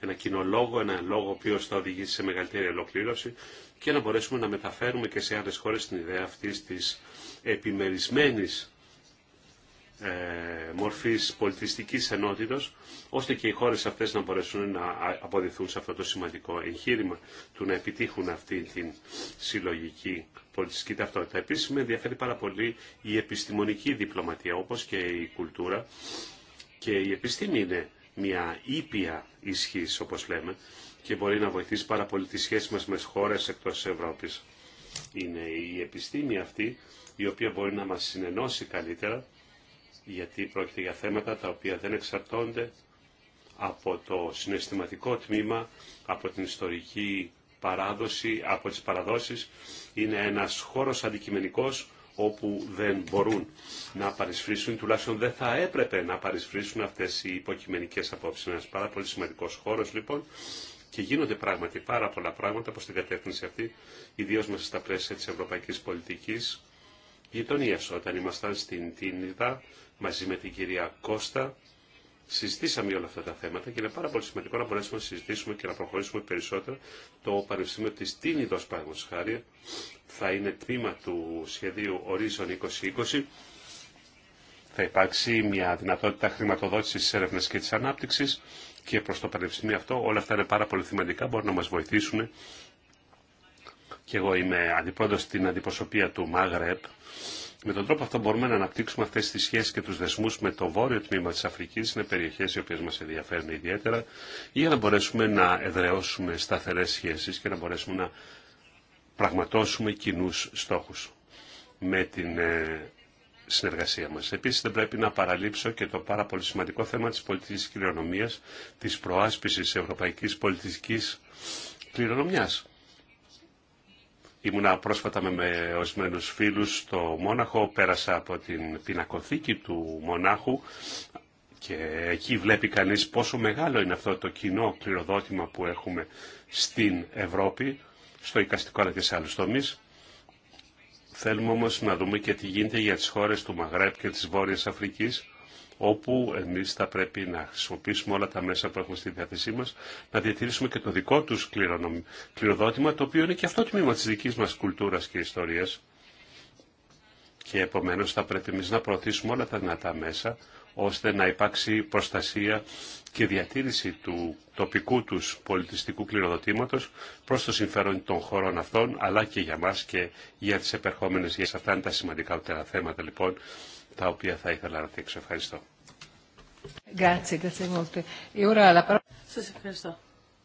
ένα κοινό λόγο, ένα λόγο ο οποίο θα οδηγήσει σε μεγαλύτερη ολοκλήρωση και να μπορέσουμε να μεταφέρουμε και σε άλλες χώρες την ιδέα αυτής της επιμερισμένης ε, μορφής πολιτιστικής ενότητος, ώστε και οι χώρες αυτές να μπορέσουν να αποδηθούν σε αυτό το σημαντικό εγχείρημα του να επιτύχουν αυτή την συλλογική πολιτιστική ταυτότητα. Επίσης με ενδιαφέρει πάρα πολύ η επιστημονική διπλωματία, όπως και η κουλτούρα και η επιστήμη είναι μια ήπια ισχύς, όπως λέμε, και μπορεί να βοηθήσει πάρα πολύ τις σχέσεις μας με χώρες εκτός της Ευρώπης. Είναι η επιστήμη αυτή η οποία μπορεί να μας συνενώσει καλύτερα, γιατί πρόκειται για θέματα τα οποία δεν εξαρτώνται από το συναισθηματικό τμήμα, από την ιστορική παράδοση, από τις παραδόσεις. Είναι ένας χώρος αντικειμενικός όπου δεν μπορούν να παρισφρήσουν, τουλάχιστον δεν θα έπρεπε να παρισφρήσουν αυτές οι υποκειμενικές απόψεις. Είναι ένας πάρα πολύ σημαντικός χώρος λοιπόν και γίνονται πράγματι πάρα πολλά πράγματα προς την κατεύθυνση αυτή, ιδίως μέσα στα πλαίσια της ευρωπαϊκής πολιτικής Γειτονία, Όταν ήμασταν στην Τίνιδα μαζί με την κυρία Κώστα, συζητήσαμε όλα αυτά τα θέματα και είναι πάρα πολύ σημαντικό να μπορέσουμε να συζητήσουμε και να προχωρήσουμε περισσότερο. Το Πανεπιστήμιο τη Τίνιδος, παραδείγματο χάρη, θα είναι τμήμα του σχεδίου Horizon 2020. Θα υπάρξει μια δυνατότητα χρηματοδότηση τη έρευνα και τη ανάπτυξη και προ το Πανεπιστήμιο αυτό. Όλα αυτά είναι πάρα πολύ σημαντικά, μπορούν να μα βοηθήσουν. Και εγώ είμαι αντιπρόεδρο στην αντιπροσωπεία του Μάγρεπ με τον τρόπο αυτό μπορούμε να αναπτύξουμε αυτέ τι σχέσει και του δεσμού με το βόρειο τμήμα τη Αφρική. Είναι περιοχέ οι οποίε μα ενδιαφέρουν ιδιαίτερα για να μπορέσουμε να εδραιώσουμε σταθερέ σχέσει και να μπορέσουμε να πραγματώσουμε κοινού στόχου με την ε, συνεργασία μας. Επίσης δεν πρέπει να παραλείψω και το πάρα πολύ σημαντικό θέμα της πολιτικής κληρονομίας, της προάσπισης ευρωπαϊκής πολιτικής κληρονομιάς. Ήμουνα πρόσφατα με ορισμένου φίλους στο Μόναχο, πέρασα από την πινακοθήκη του Μονάχου και εκεί βλέπει κανείς πόσο μεγάλο είναι αυτό το κοινό κληροδότημα που έχουμε στην Ευρώπη, στο οικαστικό αλλά και σε άλλους τομείς. Θέλουμε όμως να δούμε και τι γίνεται για τις χώρες του Μαγρέπ και της Βόρειας Αφρικής όπου εμεί θα πρέπει να χρησιμοποιήσουμε όλα τα μέσα που έχουμε στη διάθεσή μα, να διατηρήσουμε και το δικό του κληροδότημα, το οποίο είναι και αυτό το τμήμα τη δική μα κουλτούρα και ιστορία. Και επομένω θα πρέπει εμεί να προωθήσουμε όλα τα δυνατά μέσα, ώστε να υπάρξει προστασία και διατήρηση του τοπικού τους πολιτιστικού κληροδοτήματος προς το συμφέρον των χωρών αυτών, αλλά και για μας και για τις επερχόμενες γενιές. Αυτά είναι τα σημαντικά θέματα λοιπόν, τα οποία θα ήθελα να δείξω. Ευχαριστώ. E Σας ευχαριστώ.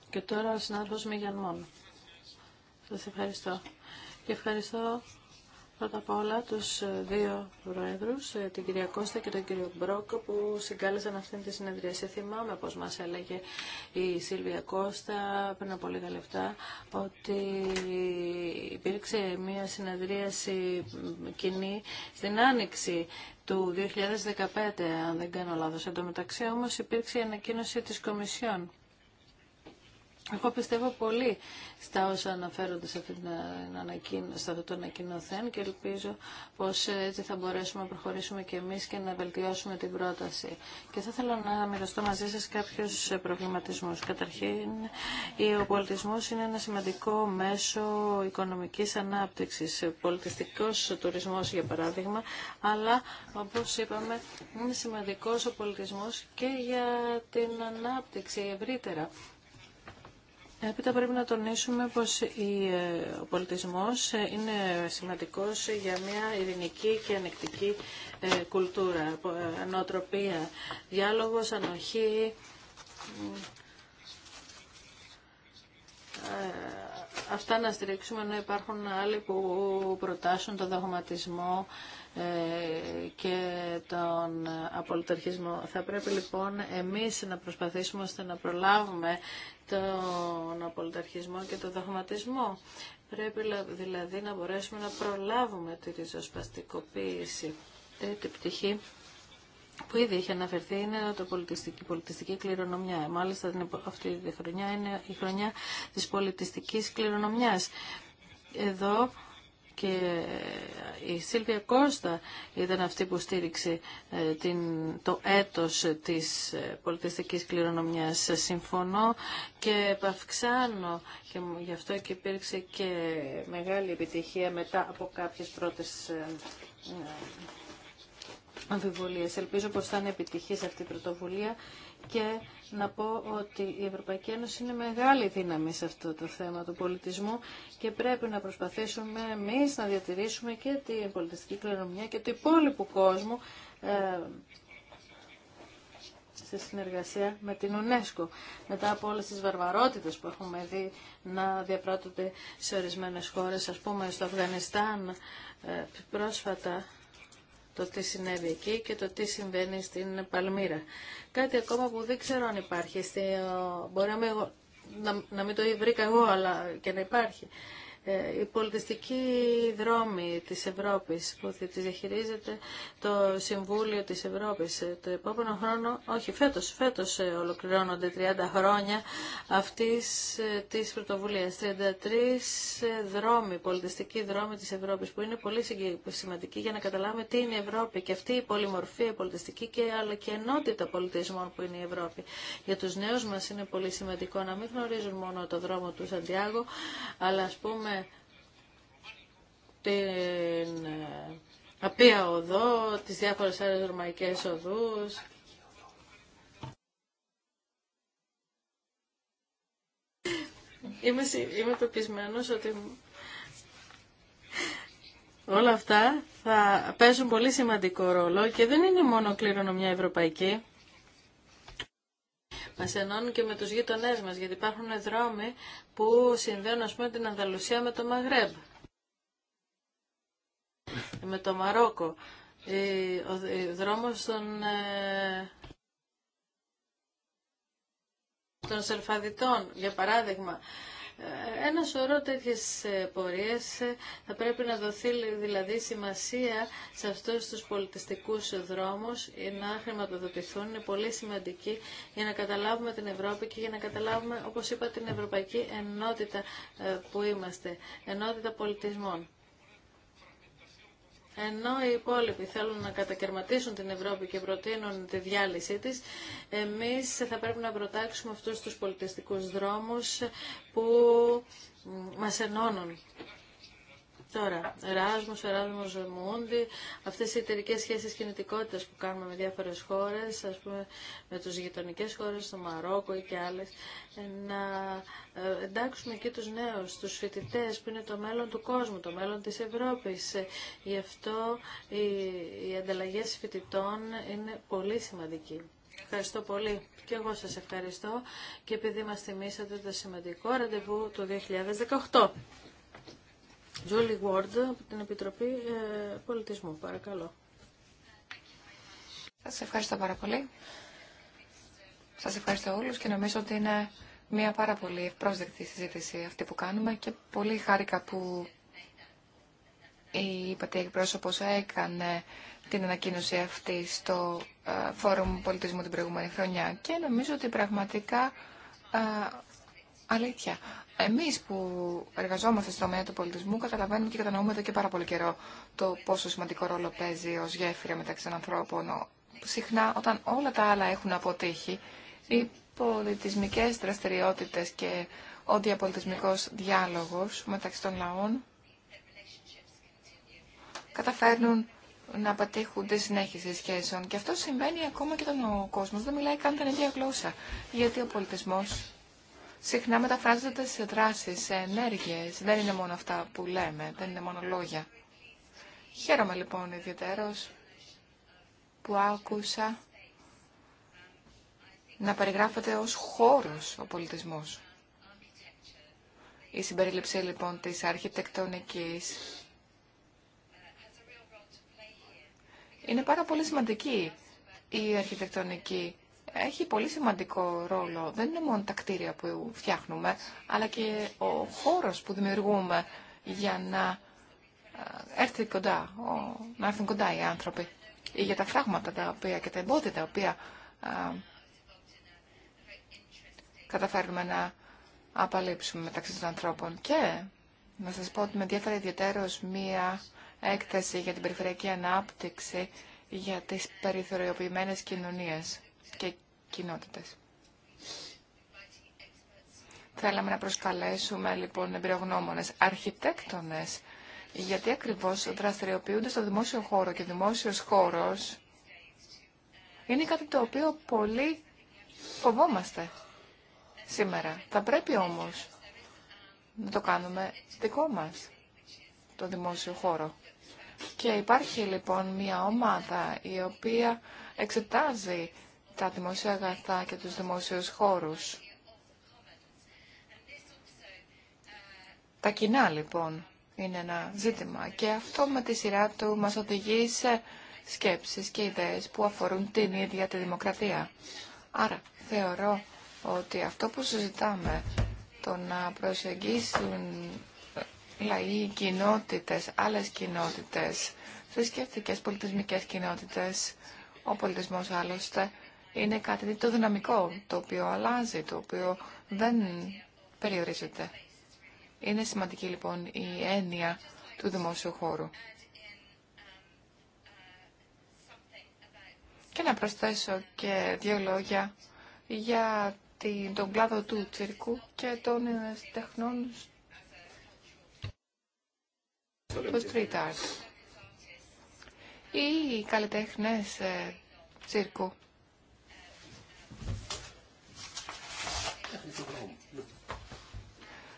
Και τώρα ο συνάδελφος Μίγιαν Μόνο. ευχαριστώ. Και ευχαριστώ πρώτα απ' όλα τους ε, δύο προέδρους, ε, την κυρία Κώστα και τον κύριο Μπρόκ, που συγκάλεσαν αυτήν τη συνεδρίαση. Θυμάμαι πως μα έλεγε η Σίλβια Κώστα πριν από λίγα λεπτά, ότι υπήρξε μια συνεδρίαση κοινή στην Άνοιξη του 2015, αν δεν κάνω λάθος. Εν τω μεταξύ όμως υπήρξε η ανακοίνωση της Κομισιόν εγώ πιστεύω πολύ στα όσα αναφέρονται σε, αυτό το ανακοινωθέν και ελπίζω πως έτσι θα μπορέσουμε να προχωρήσουμε και εμείς και να βελτιώσουμε την πρόταση. Και θα ήθελα να μοιραστώ μαζί σας κάποιους προβληματισμούς. Καταρχήν, ο πολιτισμός είναι ένα σημαντικό μέσο οικονομικής ανάπτυξης. Πολιτιστικός τουρισμός, για παράδειγμα, αλλά, όπως είπαμε, είναι σημαντικός ο πολιτισμός και για την ανάπτυξη ευρύτερα. Έπειτα πρέπει να τονίσουμε πως ε, ο πολιτισμός ε, είναι σημαντικός για μια ειρηνική και ανεκτική ε, κουλτούρα, νοοτροπία, διάλογος, ανοχή, αυτά να στηρίξουμε ενώ υπάρχουν άλλοι που προτάσουν τον δογματισμό και τον απολυταρχισμό. Θα πρέπει λοιπόν εμείς να προσπαθήσουμε ώστε να προλάβουμε τον απολυταρχισμό και τον δογματισμό. Πρέπει δηλαδή να μπορέσουμε να προλάβουμε τη ριζοσπαστικοποίηση. Τρίτη πτυχή που ήδη έχει αναφερθεί είναι το πολιτιστική, πολιτιστική κληρονομιά. Μάλιστα αυτή η χρονιά είναι η χρονιά της πολιτιστικής κληρονομιάς. Εδώ και η Σίλβια Κώστα ήταν αυτή που στήριξε ε, την, το έτος της ε, πολιτιστικής κληρονομιάς. Συμφωνώ και επαυξάνω και γι' αυτό και υπήρξε και μεγάλη επιτυχία μετά από κάποιες πρώτες ε, αμφιβολίες. Ελπίζω πως θα είναι επιτυχής αυτή η πρωτοβουλία και να πω ότι η Ευρωπαϊκή Ένωση είναι μεγάλη δύναμη σε αυτό το θέμα του πολιτισμού και πρέπει να προσπαθήσουμε εμείς να διατηρήσουμε και την πολιτιστική κληρονομιά και του υπόλοιπου κόσμου ε, σε συνεργασία με την UNESCO. Μετά από όλες τις βαρβαρότητες που έχουμε δει να διαπράττονται σε ορισμένες χώρες, ας πούμε στο Αφγανιστάν ε, πρόσφατα το τι συνέβη εκεί και το τι συμβαίνει στην Παλμύρα. Κάτι ακόμα που δεν ξέρω αν υπάρχει. μπορεί να μην, να μην το βρήκα εγώ αλλά και να υπάρχει οι ε, πολιτιστικοί δρόμοι της Ευρώπης που τη διαχειρίζεται το Συμβούλιο της Ευρώπης ε, το επόμενο χρόνο, όχι φέτος, φέτος ε, ολοκληρώνονται 30 χρόνια αυτής της πρωτοβουλίας. 33 δρόμοι, πολιτιστικοί δρόμοι της Ευρώπης που είναι πολύ σημαντικοί για να καταλάβουμε τι είναι η Ευρώπη και αυτή η πολυμορφία πολιτιστική και αλλά και ενότητα πολιτισμών που είναι η Ευρώπη. Για τους νέους μας είναι πολύ σημαντικό να μην γνωρίζουν μόνο το δρόμο του Σαντιάγο, αλλά ας πούμε την ε, Απία Οδό, τις διάφορες άλλες ρωμαϊκές οδούς. Είμαι, είμαι πεπισμένος ότι όλα αυτά θα παίζουν πολύ σημαντικό ρόλο και δεν είναι μόνο κληρονομιά ευρωπαϊκή μα ενώνουν και με τους γείτονές μας, γιατί υπάρχουν δρόμοι που συνδέουν ας πούμε, την Ανταλουσία με το Μαγρέμπ, με το Μαρόκο. Ο δρόμος των, ε, των Σερφαδιτών, για παράδειγμα, ένα σωρό τέτοιες ε, πορείες ε, θα πρέπει να δοθεί δηλαδή σημασία σε αυτούς τους πολιτιστικούς δρόμους να χρηματοδοτηθούν. Είναι πολύ σημαντική για να καταλάβουμε την Ευρώπη και για να καταλάβουμε, όπως είπα, την Ευρωπαϊκή Ενότητα ε, που είμαστε, Ενότητα Πολιτισμών. Ενώ οι υπόλοιποι θέλουν να κατακαιρματίσουν την Ευρώπη και προτείνουν τη διάλυσή της, εμείς θα πρέπει να προτάξουμε αυτούς τους πολιτιστικούς δρόμους που μας ενώνουν. Τώρα, Εράσμο, Εράσμο Μούντι, αυτέ οι εταιρικέ σχέσεις κινητικότητα που κάνουμε με διάφορε χώρε, α πούμε με τους γειτονικέ χώρε στο Μαρόκο ή και αλλε ε, να ε, εντάξουμε και του νεου του φοιτητε που είναι το μέλλον του κόσμου, το μέλλον τη ευρωπη ε, Γι' αυτό οι, οι ανταλλαγές φοιτητών είναι πολύ σημαντικοί Ευχαριστώ πολύ. Και εγώ σας ευχαριστώ και επειδή μας θυμήσατε το σημαντικό ραντεβού του 2018. Julie Ward, από την Επιτροπή ε, Πολιτισμού. Παρακαλώ. Σας ευχαριστώ πάρα πολύ. Σας ευχαριστώ όλους και νομίζω ότι είναι μια πάρα πολύ ευπρόσδεκτη συζήτηση αυτή που κάνουμε και πολύ χάρηκα που η υπατή εκπρόσωπο έκανε την ανακοίνωση αυτή στο ε, Φόρουμ Πολιτισμού την προηγούμενη χρονιά και νομίζω ότι πραγματικά ε, αλήθεια Εμεί που εργαζόμαστε στο τομέα του πολιτισμού καταλαβαίνουμε και κατανοούμε εδώ και πάρα πολύ καιρό το πόσο σημαντικό ρόλο παίζει ω γέφυρα μεταξύ των ανθρώπων. Συχνά όταν όλα τα άλλα έχουν αποτύχει, οι πολιτισμικέ δραστηριότητε και ο διαπολιτισμικό διάλογο μεταξύ των λαών καταφέρνουν να πετύχουν τη συνέχιση σχέσεων. Και αυτό συμβαίνει ακόμα και όταν ο κόσμο δεν μιλάει καν την ίδια γλώσσα. Γιατί ο πολιτισμό συχνά μεταφράζονται σε δράσεις, σε ενέργειες. Δεν είναι μόνο αυτά που λέμε, δεν είναι μόνο λόγια. Χαίρομαι λοιπόν ιδιαίτερος που άκουσα να περιγράφεται ως χώρος ο πολιτισμός. Η συμπερίληψη λοιπόν της αρχιτεκτονικής είναι πάρα πολύ σημαντική η αρχιτεκτονική έχει πολύ σημαντικό ρόλο. Δεν είναι μόνο τα κτίρια που φτιάχνουμε, αλλά και ο χώρος που δημιουργούμε για να, ε, έρθει κοντά, να έρθουν κοντά οι άνθρωποι ή για τα φράγματα τα οποία και τα εμπόδια τα οποία ε, καταφέρνουμε να απαλείψουμε μεταξύ των ανθρώπων. Και να σας πω ότι με ενδιαφέρει ιδιαίτερως μία έκθεση για την περιφερειακή ανάπτυξη για τις περιθωριοποιημένες κοινωνίες. Και κοινότητες. Θέλαμε να προσκαλέσουμε λοιπόν εμπειρογνώμονες, αρχιτέκτονες, γιατί ακριβώς δραστηριοποιούνται στο δημόσιο χώρο και δημόσιος χώρος είναι κάτι το οποίο πολύ φοβόμαστε σήμερα. Θα πρέπει όμως να το κάνουμε δικό μας, το δημόσιο χώρο. Και υπάρχει λοιπόν μια ομάδα η οποία εξετάζει τα δημόσια αγαθά και τους δημόσιους χώρους. Τα κοινά λοιπόν είναι ένα ζήτημα και αυτό με τη σειρά του μας οδηγεί σε σκέψεις και ιδέες που αφορούν την ίδια τη δημοκρατία. Άρα θεωρώ ότι αυτό που συζητάμε, το να προσεγγίσουν λαοί, κοινότητες, άλλες κοινότητες, θρησκευτικές πολιτισμικές κοινότητες, ο πολιτισμός άλλωστε είναι κάτι το δυναμικό, το οποίο αλλάζει, το οποίο δεν περιορίζεται. Είναι σημαντική λοιπόν η έννοια του δημόσιου χώρου. Και να προσθέσω και δύο λόγια για την, τον κλάδο του τσιρκού και των ε, τεχνών του street art. Οι καλλιτέχνες ε, τσιρκού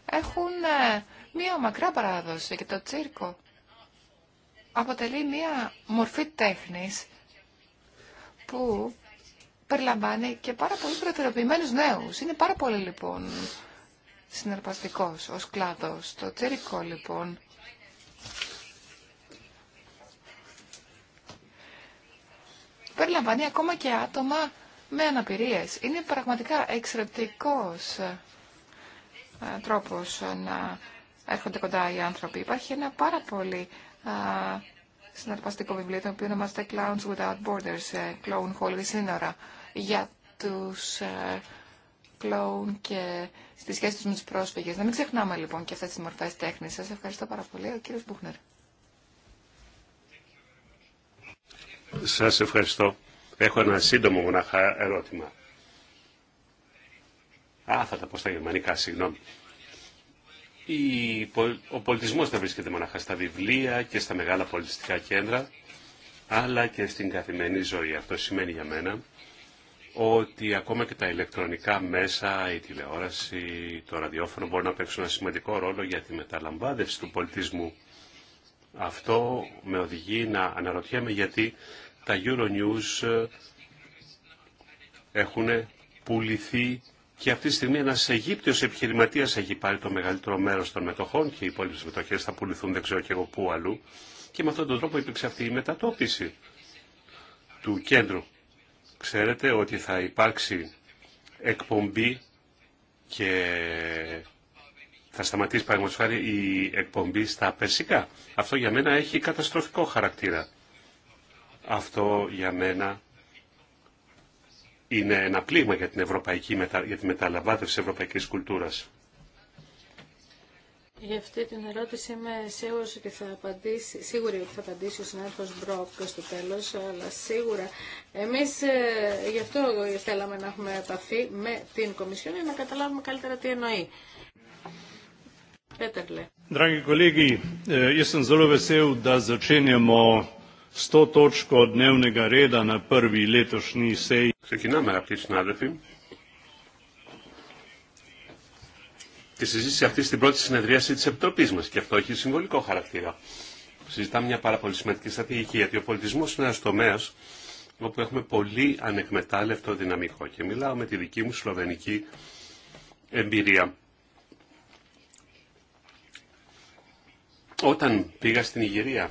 έχουν ε, μία μακρά παράδοση και το τσίρκο αποτελεί μία μορφή τέχνης που περιλαμβάνει και πάρα πολλούς προτεραιοποιημένους νέους. Είναι πάρα πολύ λοιπόν συναρπαστικός ως κλάδος. Το τσίρκο λοιπόν περιλαμβάνει ακόμα και άτομα με αναπηρίες. Είναι πραγματικά εξαιρετικός ε, τρόπος να έρχονται κοντά οι άνθρωποι. Υπάρχει ένα πάρα πολύ ε, συναρπαστικό βιβλίο, το οποίο ονομάζεται Clowns Without Borders, ε, Clown Holy Σύνορα, για τους κλόουν και στη σχέση τους με τους πρόσφυγες. Να μην ξεχνάμε λοιπόν και αυτές τις μορφές τέχνης. Σας ευχαριστώ πάρα πολύ. Ο κύριος Μπούχνερ. Σας ευχαριστώ. Έχω ένα σύντομο μοναχά ερώτημα. Α, θα τα πω στα γερμανικά, συγγνώμη. Ο πολιτισμός δεν βρίσκεται μοναχά στα βιβλία και στα μεγάλα πολιτιστικά κέντρα, αλλά και στην καθημερινή ζωή. Αυτό σημαίνει για μένα ότι ακόμα και τα ηλεκτρονικά μέσα, η τηλεόραση, το ραδιόφωνο μπορούν να παίξουν ένα σημαντικό ρόλο για τη μεταλαμβάνευση του πολιτισμού. Αυτό με οδηγεί να αναρωτιέμαι γιατί τα Euronews ε, έχουν πουληθεί και αυτή τη στιγμή ένας Αιγύπτιος επιχειρηματίας έχει πάρει το μεγαλύτερο μέρος των μετοχών και οι υπόλοιπες μετοχές θα πουληθούν δεν ξέρω και εγώ πού αλλού και με αυτόν τον τρόπο υπήρξε αυτή η μετατόπιση του κέντρου. Ξέρετε ότι θα υπάρξει εκπομπή και θα σταματήσει παραδείγματος η εκπομπή στα περσικά. Αυτό για μένα έχει καταστροφικό χαρακτήρα. Αυτό για μένα είναι ένα πλήγμα για, την ευρωπαϊκή, για τη μεταλαμβάνευση ευρωπαϊκής κουλτούρας. Για αυτή την ερώτηση είμαι σίγουρος ότι θα απαντήσει, σίγουρη ότι θα απαντήσει ο συνάδελφος Μπρόκ στο τέλος, αλλά σίγουρα εμείς ε, γι' αυτό θέλαμε να έχουμε επαφή με την Κομισιόν για να καταλάβουμε καλύτερα τι εννοεί. Πέτερλε. Dragi kolegi, eh, jaz vesel, da στο τότσικο dnevnega reda na prvi letošnji seji. Ξεκινάμε αγαπητοί συνάδελφοι. Τη συζήτηση αυτή στην πρώτη συνεδρίαση τη Επιτροπή μα και αυτό έχει συμβολικό χαρακτήρα. Συζητάμε μια πάρα πολύ σημαντική στρατηγική γιατί ο πολιτισμό είναι ένα τομέα όπου έχουμε πολύ ανεκμετάλλευτο δυναμικό και μιλάω με τη δική μου σλοβενική εμπειρία. Όταν πήγα στην Ιγυρία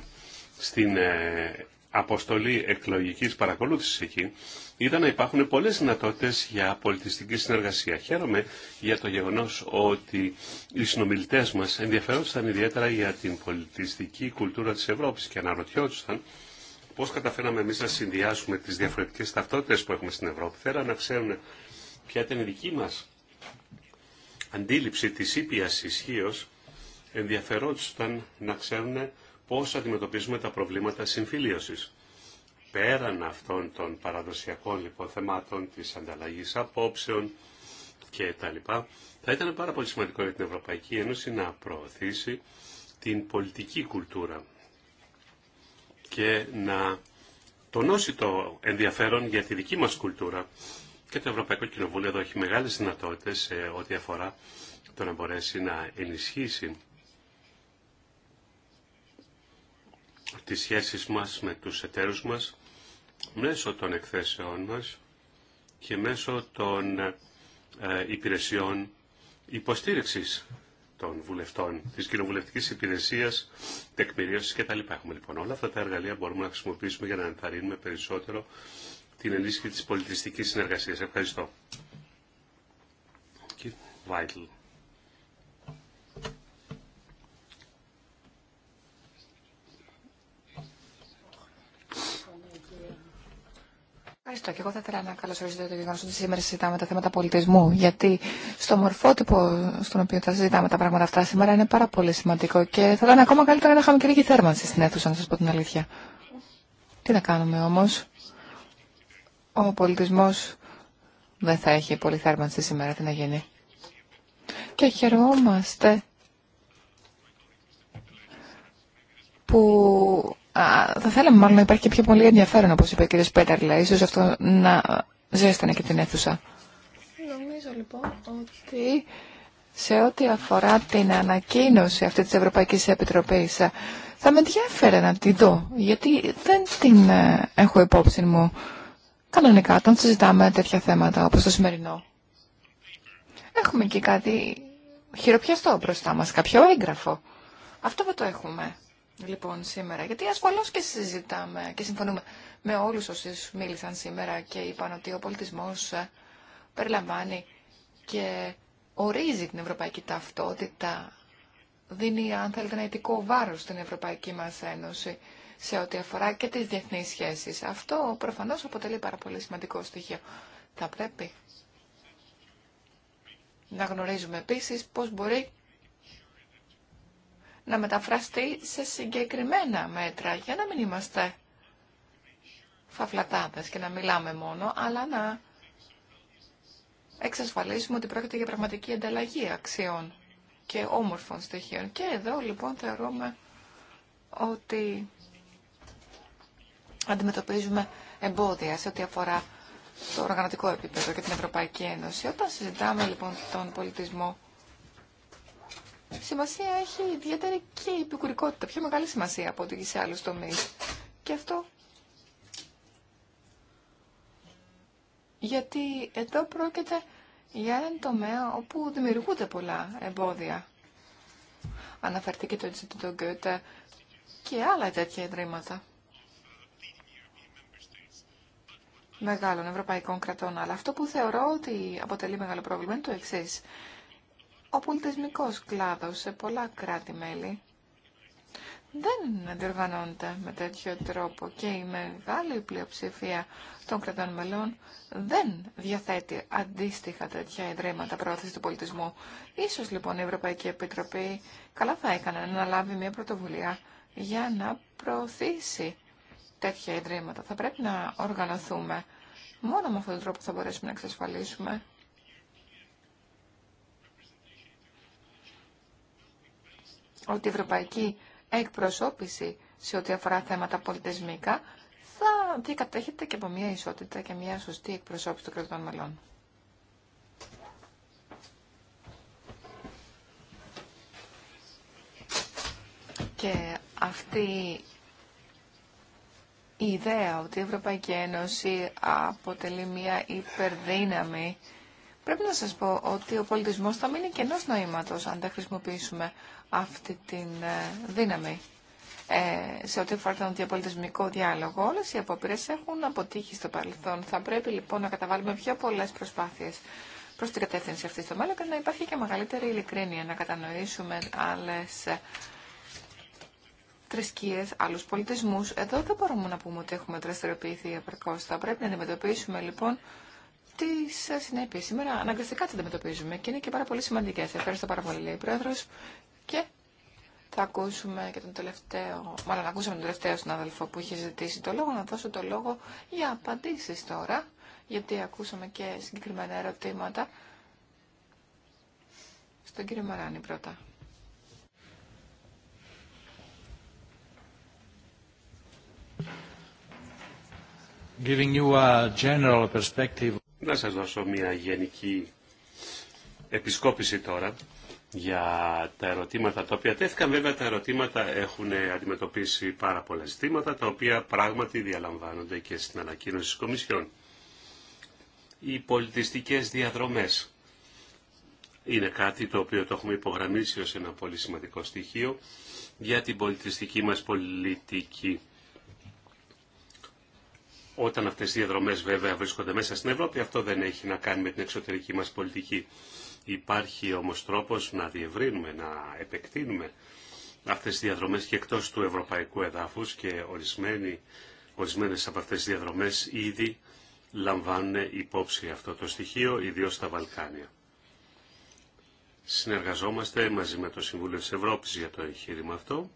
στην ε, αποστολή εκλογικής παρακολούθησης εκεί, ήταν να υπάρχουν πολλές δυνατότητες για πολιτιστική συνεργασία. Χαίρομαι για το γεγονός ότι οι συνομιλητές μας ενδιαφερόντουσαν ιδιαίτερα για την πολιτιστική κουλτούρα της Ευρώπης και αναρωτιόντουσαν πώς καταφέραμε εμείς να συνδυάσουμε τις διαφορετικές ταυτότητες που έχουμε στην Ευρώπη. Θέλω να ξέρουν ποια ήταν η δική μας αντίληψη της ήπιας ισχύω ενδιαφερόντουσαν να ξέρουν πώς αντιμετωπίζουμε τα προβλήματα συμφιλίωσης. Πέραν αυτών των παραδοσιακών λοιπόν θεμάτων της ανταλλαγής απόψεων και τα λοιπά, θα ήταν πάρα πολύ σημαντικό για την Ευρωπαϊκή Ένωση να προωθήσει την πολιτική κουλτούρα και να τονώσει το ενδιαφέρον για τη δική μας κουλτούρα και το Ευρωπαϊκό Κοινοβούλιο εδώ έχει μεγάλες δυνατότητες σε ό,τι αφορά το να μπορέσει να ενισχύσει τις σχέσεις μας με τους εταίρους μας μέσω των εκθέσεών μας και μέσω των ε, υπηρεσιών υποστήριξης των βουλευτών, της κοινοβουλευτικής υπηρεσίας, τεκμηρίωσης κτλ. Έχουμε λοιπόν όλα αυτά τα εργαλεία μπορούμε να χρησιμοποιήσουμε για να ενθαρρύνουμε περισσότερο την ενίσχυση της πολιτιστικής συνεργασίας. Ευχαριστώ. Vital. Ευχαριστώ. Και εγώ θα ήθελα να καλωσορίσω το γεγονό ότι σήμερα συζητάμε τα θέματα πολιτισμού. Γιατί στο μορφότυπο στον οποίο θα συζητάμε τα πράγματα αυτά σήμερα είναι πάρα πολύ σημαντικό και θα ήταν ακόμα καλύτερα να είχαμε και λίγη θέρμανση στην αίθουσα, να σα πω την αλήθεια. Τι να κάνουμε όμω. Ο πολιτισμό δεν θα έχει πολύ θέρμανση σήμερα, τι να γίνει. Και χαιρόμαστε που θα θέλαμε μάλλον να υπάρχει και πιο πολύ ενδιαφέρον, όπως είπε ο κ. Πέταρλα, ίσως αυτό να ζέστανε και την αίθουσα. Νομίζω λοιπόν ότι σε ό,τι αφορά την ανακοίνωση αυτή της Ευρωπαϊκής Επιτροπής, θα με ενδιαφέρε να την δω, γιατί δεν την ε, έχω υπόψη μου κανονικά όταν συζητάμε τέτοια θέματα όπως το σημερινό. Έχουμε και κάτι χειροπιαστό μπροστά μας, κάποιο έγγραφο. Αυτό δεν το έχουμε λοιπόν σήμερα. Γιατί ασφαλώς και συζητάμε και συμφωνούμε με όλους όσους μίλησαν σήμερα και είπαν ότι ο πολιτισμός ε, περιλαμβάνει και ορίζει την ευρωπαϊκή ταυτότητα, δίνει αν θέλετε ένα ειδικό βάρος στην Ευρωπαϊκή μας Ένωση σε ό,τι αφορά και τις διεθνείς σχέσεις. Αυτό προφανώς αποτελεί πάρα πολύ σημαντικό στοιχείο. Θα πρέπει να γνωρίζουμε επίσης πώς μπορεί να μεταφραστεί σε συγκεκριμένα μέτρα για να μην είμαστε φαφλατάδες και να μιλάμε μόνο, αλλά να εξασφαλίσουμε ότι πρόκειται για πραγματική ανταλλαγή αξιών και όμορφων στοιχείων. Και εδώ λοιπόν θεωρούμε ότι αντιμετωπίζουμε εμπόδια σε ό,τι αφορά το οργανωτικό επίπεδο και την Ευρωπαϊκή Ένωση. Όταν συζητάμε λοιπόν τον πολιτισμό σημασία έχει ιδιαίτερη και η επικουρικότητα, πιο μεγάλη σημασία από ό,τι σε άλλους τομείς. Και αυτό γιατί εδώ πρόκειται για έναν τομέα όπου δημιουργούνται πολλά εμπόδια. Αναφερθήκε το Ινστιτούτο Γκέτε και άλλα τέτοια ιδρύματα μεγάλων ευρωπαϊκών κρατών. Αλλά αυτό που θεωρώ ότι αποτελεί μεγάλο πρόβλημα είναι το εξή ο πολιτισμικός κλάδος σε πολλά κράτη-μέλη δεν διοργανώνεται με τέτοιο τρόπο και η μεγάλη πλειοψηφία των κρατών μελών δεν διαθέτει αντίστοιχα τέτοια ιδρύματα πρόθεση του πολιτισμού. Ίσως λοιπόν η Ευρωπαϊκή Επιτροπή καλά θα έκανε να λάβει μια πρωτοβουλία για να προωθήσει τέτοια ιδρύματα. Θα πρέπει να οργανωθούμε. Μόνο με αυτόν τον τρόπο θα μπορέσουμε να εξασφαλίσουμε ότι η ευρωπαϊκή εκπροσώπηση σε ό,τι αφορά θέματα πολιτισμικά θα διακατέχεται και από μια ισότητα και μια σωστή εκπροσώπηση των κρατών μελών. Και αυτή η ιδέα ότι η Ευρωπαϊκή Ένωση αποτελεί μια υπερδύναμη Πρέπει να σας πω ότι ο πολιτισμός θα μείνει κενός νοήματος αν δεν χρησιμοποιήσουμε αυτή τη ε, δύναμη. Ε, σε ό,τι αφορά τον διαπολιτισμικό διάλογο, όλε οι απόπειρε έχουν αποτύχει στο παρελθόν. Θα πρέπει λοιπόν να καταβάλουμε πιο πολλέ προσπάθειες προ την κατεύθυνση αυτή στο μέλλον και να υπάρχει και μεγαλύτερη ειλικρίνεια, να κατανοήσουμε άλλε θρησκείε, άλλου πολιτισμού. Εδώ δεν μπορούμε να πούμε ότι έχουμε δραστηριοποιηθεί επαρκώ. Θα πρέπει να αντιμετωπίσουμε λοιπόν τι ε, συνέπειε σήμερα αναγκαστικά τι αντιμετωπίζουμε και είναι και πάρα πολύ σημαντικέ. Ευχαριστώ πάρα πολύ, λέει η Πρόεδρο. Και θα ακούσουμε και τον τελευταίο, μάλλον ακούσαμε τον τελευταίο συνάδελφο που είχε ζητήσει το λόγο, να δώσω το λόγο για απαντήσει τώρα, γιατί ακούσαμε και συγκεκριμένα ερωτήματα. Στον κύριο Μαράνη πρώτα. Giving you a general perspective να σας δώσω μια γενική επισκόπηση τώρα για τα ερωτήματα τα οποία τέθηκαν. Βέβαια τα ερωτήματα έχουν αντιμετωπίσει πάρα πολλά ζητήματα τα οποία πράγματι διαλαμβάνονται και στην ανακοίνωση της Κομισιόν. Οι πολιτιστικές διαδρομές είναι κάτι το οποίο το έχουμε υπογραμμίσει ως ένα πολύ σημαντικό στοιχείο για την πολιτιστική μας πολιτική. Όταν αυτές οι διαδρομές βέβαια βρίσκονται μέσα στην Ευρώπη, αυτό δεν έχει να κάνει με την εξωτερική μας πολιτική. Υπάρχει όμως τρόπος να διευρύνουμε, να επεκτείνουμε αυτές τις διαδρομές και εκτός του ευρωπαϊκού εδάφους και ορισμένοι, ορισμένες από αυτές τις διαδρομές ήδη λαμβάνουν υπόψη αυτό το στοιχείο, ιδίως στα Βαλκάνια. Συνεργαζόμαστε μαζί με το Συμβούλιο της Ευρώπης για το εγχείρημα αυτό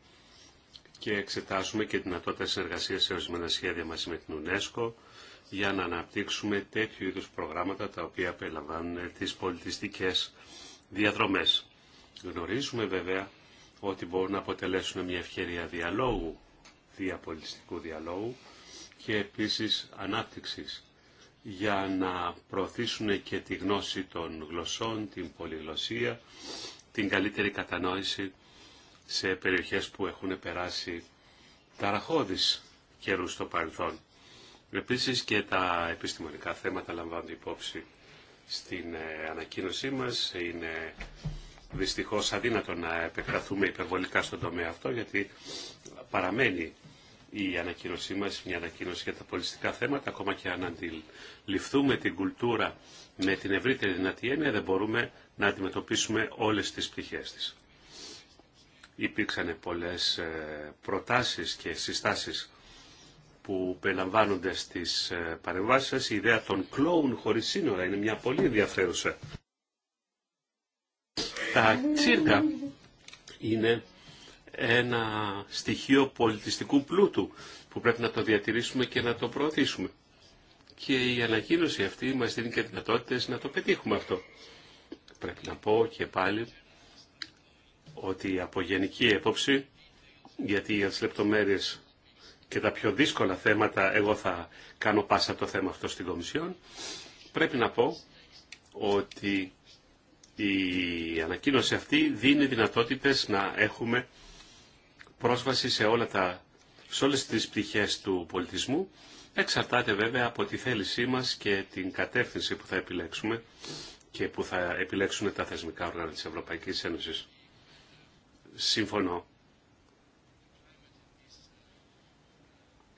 και εξετάσουμε και δυνατότητα συνεργασία σε ορισμένα σχέδια μαζί με την UNESCO για να αναπτύξουμε τέτοιου είδους προγράμματα τα οποία περιλαμβάνουν τις πολιτιστικές διαδρομές. Γνωρίζουμε βέβαια ότι μπορούν να αποτελέσουν μια ευκαιρία διαλόγου, διαπολιτιστικού διαλόγου και επίσης ανάπτυξης για να προωθήσουν και τη γνώση των γλωσσών, την πολυγλωσσία, την καλύτερη κατανόηση σε περιοχές που έχουν περάσει ταραχώδεις καιρούς στο παρελθόν. Επίσης και τα επιστημονικά θέματα λαμβάνονται υπόψη στην ε, ανακοίνωσή μας. Είναι δυστυχώς αδύνατο να επεκταθούμε υπερβολικά στον τομέα αυτό γιατί παραμένει η ανακοίνωσή μας, μια ανακοίνωση για τα πολιτιστικά θέματα, ακόμα και αν αντιληφθούμε την κουλτούρα με την ευρύτερη δυνατή έννοια, δεν μπορούμε να αντιμετωπίσουμε όλες τις πτυχές της υπήρξαν πολλές ε, προτάσεις και συστάσεις που περιλαμβάνονται στις ε, παρεμβάσεις σας. Η ιδέα των κλόουν χωρίς σύνορα είναι μια πολύ ενδιαφέρουσα. Τα τσίρκα είναι ένα στοιχείο πολιτιστικού πλούτου που πρέπει να το διατηρήσουμε και να το προωθήσουμε. Και η ανακοίνωση αυτή μας δίνει και δυνατότητες να το πετύχουμε αυτό. Πρέπει να πω και πάλι ότι από γενική έποψη, γιατί για τις λεπτομέρειες και τα πιο δύσκολα θέματα εγώ θα κάνω πάσα το θέμα αυτό στην Κομισιόν, πρέπει να πω ότι η ανακοίνωση αυτή δίνει δυνατότητες να έχουμε πρόσβαση σε, όλα τα, σε όλες τις πτυχές του πολιτισμού. Εξαρτάται βέβαια από τη θέλησή μας και την κατεύθυνση που θα επιλέξουμε και που θα επιλέξουν τα θεσμικά όργανα της Ευρωπαϊκής Ένωσης συμφωνώ.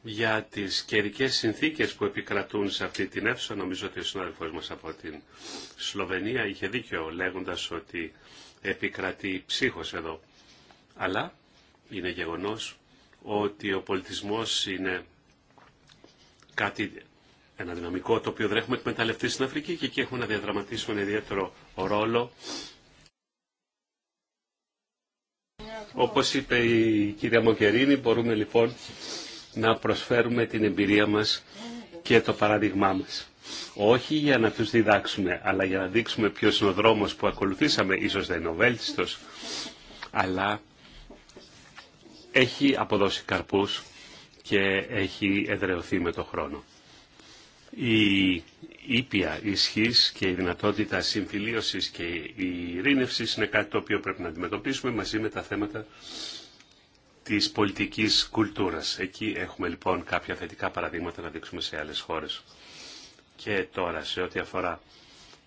Για τις καιρικέ συνθήκες που επικρατούν σε αυτή την αίθουσα, νομίζω ότι ο συνάδελφός μας από την Σλοβενία είχε δίκιο λέγοντας ότι επικρατεί ψύχος εδώ. Αλλά είναι γεγονός ότι ο πολιτισμός είναι κάτι, ένα δυναμικό το οποίο δεν έχουμε εκμεταλλευτεί στην Αφρική και εκεί έχουμε να διαδραματίσουμε ένα ιδιαίτερο ρόλο Όπως είπε η κυρία Μοκερίνη, μπορούμε λοιπόν να προσφέρουμε την εμπειρία μας και το παράδειγμά μας. Όχι για να τους διδάξουμε, αλλά για να δείξουμε ποιος είναι ο δρόμος που ακολουθήσαμε, ίσως δεν είναι ο βέλτιστος, αλλά έχει αποδώσει καρπούς και έχει εδρεωθεί με το χρόνο η ήπια ισχύ και η δυνατότητα συμφιλίωση και η ειρήνευση είναι κάτι το οποίο πρέπει να αντιμετωπίσουμε μαζί με τα θέματα της πολιτικής κουλτούρας. Εκεί έχουμε λοιπόν κάποια θετικά παραδείγματα να δείξουμε σε άλλες χώρες. Και τώρα σε ό,τι αφορά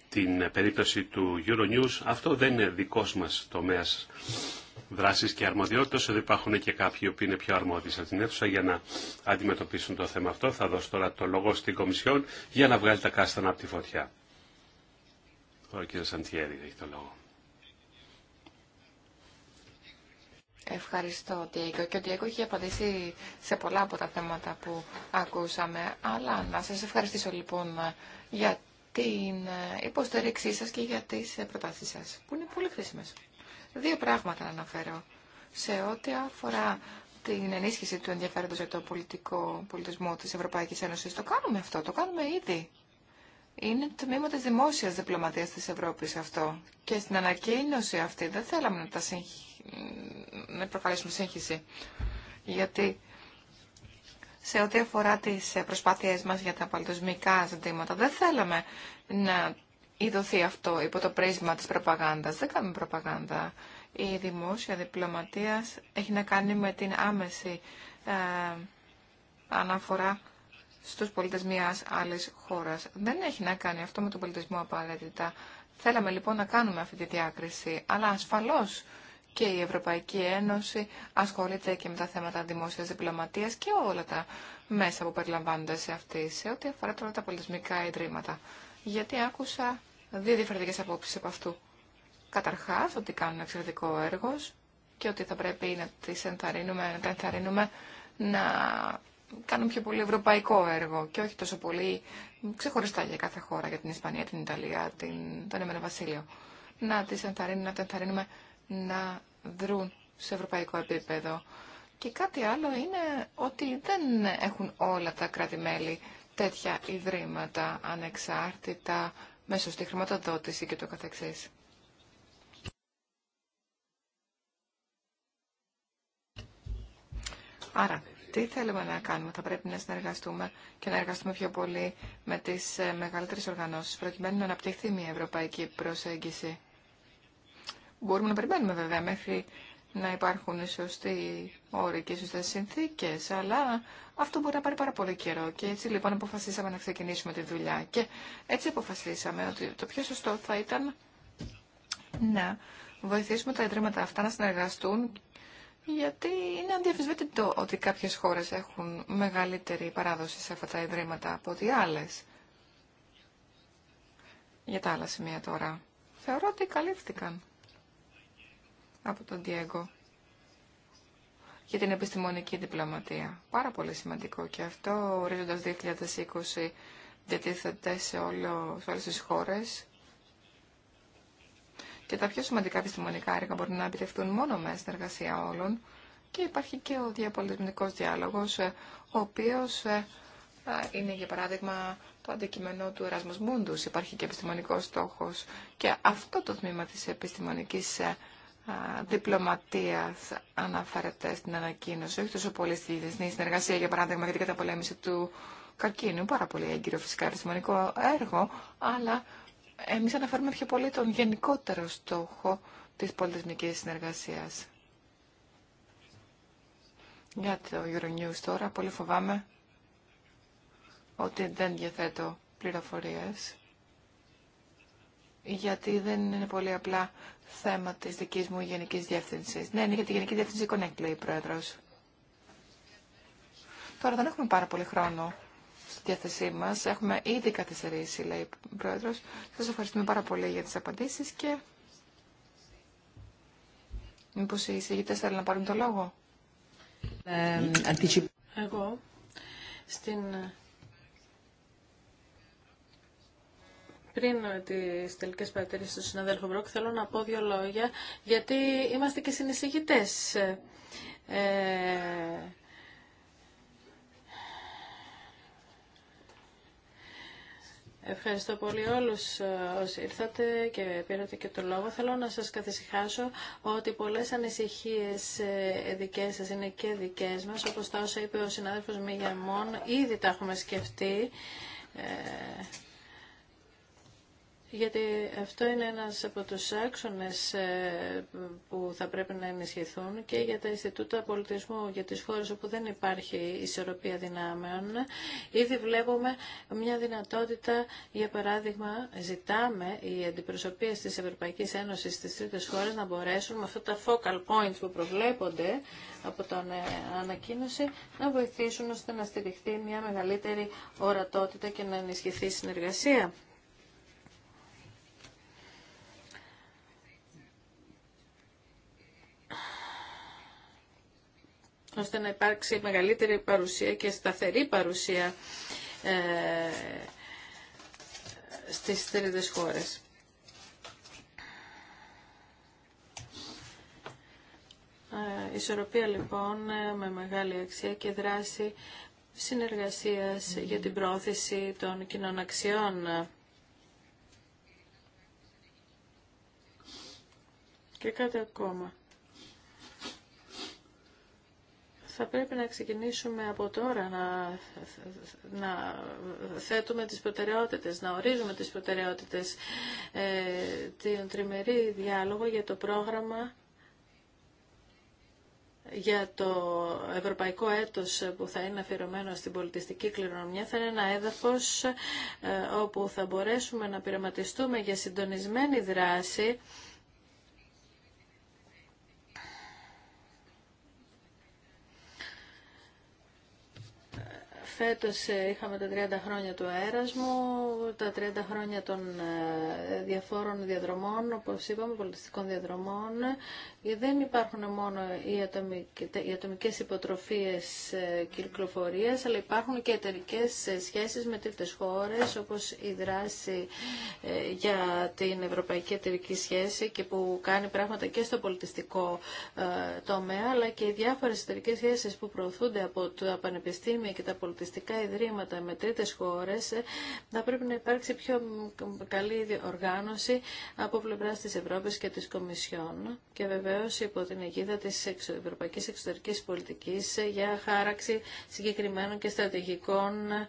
την περίπτωση του Euronews, αυτό δεν είναι δικός μας τομέας δράσεις και αρμοδιότητες, εδώ υπάρχουν και κάποιοι που είναι πιο αρμόδιοι σε την αίθουσα για να αντιμετωπίσουν το θέμα αυτό. Θα δώσω τώρα το λόγο στην Κομισιόν για να βγάλει τα κάστανα από τη φωτιά. Ο κ. Σαντιέρη έχει το λόγο. Ευχαριστώ, Τιέκο. Και ο Τιέκο έχει απαντήσει σε πολλά από τα θέματα που ακούσαμε. Αλλά να σας ευχαριστήσω λοιπόν για την υποστήριξή σας και για τις προτάσεις σας, που είναι πολύ χρήσιμες. Δύο πράγματα να αναφέρω. Σε ό,τι αφορά την ενίσχυση του ενδιαφέροντος για το πολιτικό πολιτισμό της Ευρωπαϊκής Ένωσης, το κάνουμε αυτό, το κάνουμε ήδη. Είναι το τμήμα της δημόσιας διπλωματίας της Ευρώπης αυτό. Και στην ανακοίνωση αυτή δεν θέλαμε να, τα να προκαλέσουμε σύγχυση. Γιατί σε ό,τι αφορά τις προσπάθειές μας για τα πολιτισμικά ζητήματα, δεν θέλαμε να δοθει αυτό υπό το πρίσμα της προπαγάνδας. Δεν κάνουμε προπαγάνδα. Η δημόσια διπλωματία έχει να κάνει με την άμεση ε, αναφορά στους πολίτες μιας άλλης χώρας. Δεν έχει να κάνει αυτό με τον πολιτισμό απαραίτητα. Θέλαμε λοιπόν να κάνουμε αυτή τη διάκριση, αλλά ασφαλώς και η Ευρωπαϊκή Ένωση ασχολείται και με τα θέματα δημόσιας διπλωματίας και όλα τα μέσα που περιλαμβάνονται σε αυτή, σε ό,τι αφορά τώρα τα πολιτισμικά ιδρύματα γιατί άκουσα δύο διαφορετικές απόψεις από αυτού. Καταρχάς, ότι κάνουν εξαιρετικό έργο και ότι θα πρέπει να τι ενθαρρύνουμε, να τα ενθαρρύνουμε να κάνουν πιο πολύ ευρωπαϊκό έργο και όχι τόσο πολύ ξεχωριστά για κάθε χώρα, για την Ισπανία, την Ιταλία, την, τον Εμένα Βασίλειο. Να τι ενθαρρύνουμε, να τα ενθαρρύνουμε να δρουν σε ευρωπαϊκό επίπεδο. Και κάτι άλλο είναι ότι δεν έχουν όλα τα κράτη-μέλη τέτοια ιδρύματα ανεξάρτητα μέσω στη χρηματοδότηση και το καθεξής. Άρα, τι θέλουμε να κάνουμε, θα πρέπει να συνεργαστούμε και να εργαστούμε πιο πολύ με τις ε, μεγαλύτερες οργανώσεις, προκειμένου να αναπτυχθεί μια ευρωπαϊκή προσέγγιση. Μπορούμε να περιμένουμε βέβαια μέχρι να υπάρχουν σωστοί όροι και σωστέ συνθήκε, αλλά αυτό μπορεί να πάρει πάρα πολύ καιρό. Και έτσι λοιπόν αποφασίσαμε να ξεκινήσουμε τη δουλειά. Και έτσι αποφασίσαμε ότι το πιο σωστό θα ήταν να βοηθήσουμε τα ιδρύματα αυτά να συνεργαστούν, γιατί είναι το ότι κάποιες χώρες έχουν μεγαλύτερη παράδοση σε αυτά τα ιδρύματα από ότι άλλες. Για τα άλλα σημεία τώρα. Θεωρώ ότι καλύφθηκαν από τον Διέγκο για την επιστημονική διπλωματία. Πάρα πολύ σημαντικό και αυτό, Ορίζοντα ορίζοντας 2020 διατίθεται σε, όλο, σε όλες τις χώρες και τα πιο σημαντικά επιστημονικά έργα μπορούν να επιτευχθούν μόνο με συνεργασία όλων και υπάρχει και ο διαπολιτισμικός διάλογος, ο οποίος ε, ε, είναι για παράδειγμα το αντικείμενο του Εράσμους Μούντους, υπάρχει και επιστημονικός στόχος και αυτό το τμήμα της επιστημονικής ε, διπλωματία αναφέρεται στην ανακοίνωση, όχι τόσο πολύ στη διεθνή συνεργασία, για παράδειγμα, για την καταπολέμηση του καρκίνου, πάρα πολύ έγκυρο φυσικά επιστημονικό έργο, αλλά εμεί αναφέρουμε πιο πολύ τον γενικότερο στόχο τη πολιτισμική συνεργασία. Για το Euronews τώρα, πολύ φοβάμαι ότι δεν διαθέτω πληροφορίες γιατί δεν είναι πολύ απλά θέμα της δικής μου γενική διεύθυνση. Ναι, είναι για τη γενική διεύθυνση Connect, λέει η Πρόεδρος. Τώρα δεν έχουμε πάρα πολύ χρόνο στη διάθεσή μας. Έχουμε ήδη καθυστερήσει, λέει ο Πρόεδρος. Σας ευχαριστούμε πάρα πολύ για τις απαντήσεις και... Μήπω οι εισηγητές θέλουν να πάρουν το λόγο. Ε, Εγώ, στην Πριν ε, τι τελικέ παρατηρήσει του συναδέλφου Μπρόκ, θέλω να πω δύο λόγια, γιατί είμαστε και συνεισηγητέ. Ε, Ευχαριστώ πολύ όλους ε, όσοι ήρθατε και πήρατε και το λόγο. Θέλω να σας καθησυχάσω ότι πολλές ανησυχίες ε, δικές σας είναι και δικές μας. Όπως τα όσα είπε ο συνάδελφος Μίγια ήδη τα έχουμε σκεφτεί γιατί αυτό είναι ένας από τους άξονες ε, που θα πρέπει να ενισχυθούν και για τα Ινστιτούτα Πολιτισμού, για τις χώρες όπου δεν υπάρχει ισορροπία δυνάμεων. Ήδη βλέπουμε μια δυνατότητα, για παράδειγμα, ζητάμε οι αντιπροσωπείες της Ευρωπαϊκής Ένωσης στις τρίτες χώρες να μπορέσουν με αυτά τα focal points που προβλέπονται από τον ε, ανακοίνωση να βοηθήσουν ώστε να στηριχθεί μια μεγαλύτερη ορατότητα και να ενισχυθεί η συνεργασία. ώστε να υπάρξει μεγαλύτερη παρουσία και σταθερή παρουσία ε, στις τρίτες χώρες. Ε, ισορροπία λοιπόν με μεγάλη αξία και δράση συνεργασίας για την πρόθεση των κοινών αξιών. Και κάτι ακόμα. θα πρέπει να ξεκινήσουμε από τώρα να, να θέτουμε τις προτεραιότητες, να ορίζουμε τις προτεραιότητες, ε, την τριμερή διάλογο για το πρόγραμμα για το ευρωπαϊκό έτος που θα είναι αφιερωμένο στην πολιτιστική κληρονομιά θα είναι ένα έδαφος ε, όπου θα μπορέσουμε να πειραματιστούμε για συντονισμένη δράση Φέτος ε, είχαμε τα 30 χρόνια του αέρασμου, τα 30 χρόνια των ε, διαφόρων διαδρομών, όπως είπαμε, πολιτιστικών διαδρομών. Ε, δεν υπάρχουν μόνο οι ατομικές υποτροφίες κυκλοφορίας, αλλά υπάρχουν και εταιρικέ σχέσεις με τρίτες χώρες, όπως η δράση για την Ευρωπαϊκή Εταιρική Σχέση και που κάνει πράγματα και στο πολιτιστικό τομέα, αλλά και οι διάφορες εταιρικέ σχέσεις που προωθούνται από τα πανεπιστήμια και τα πολιτιστικά εκπαιδευτικά ιδρύματα με τρίτε χώρε ε, θα πρέπει να υπάρξει πιο καλή οργάνωση από πλευρά τη Ευρώπη και τη Κομισιόν και βεβαίω υπό την αιγίδα τη Ευρωπαϊκή Εξωτερικής πολιτική ε, για χάραξη συγκεκριμένων και στρατηγικών ε,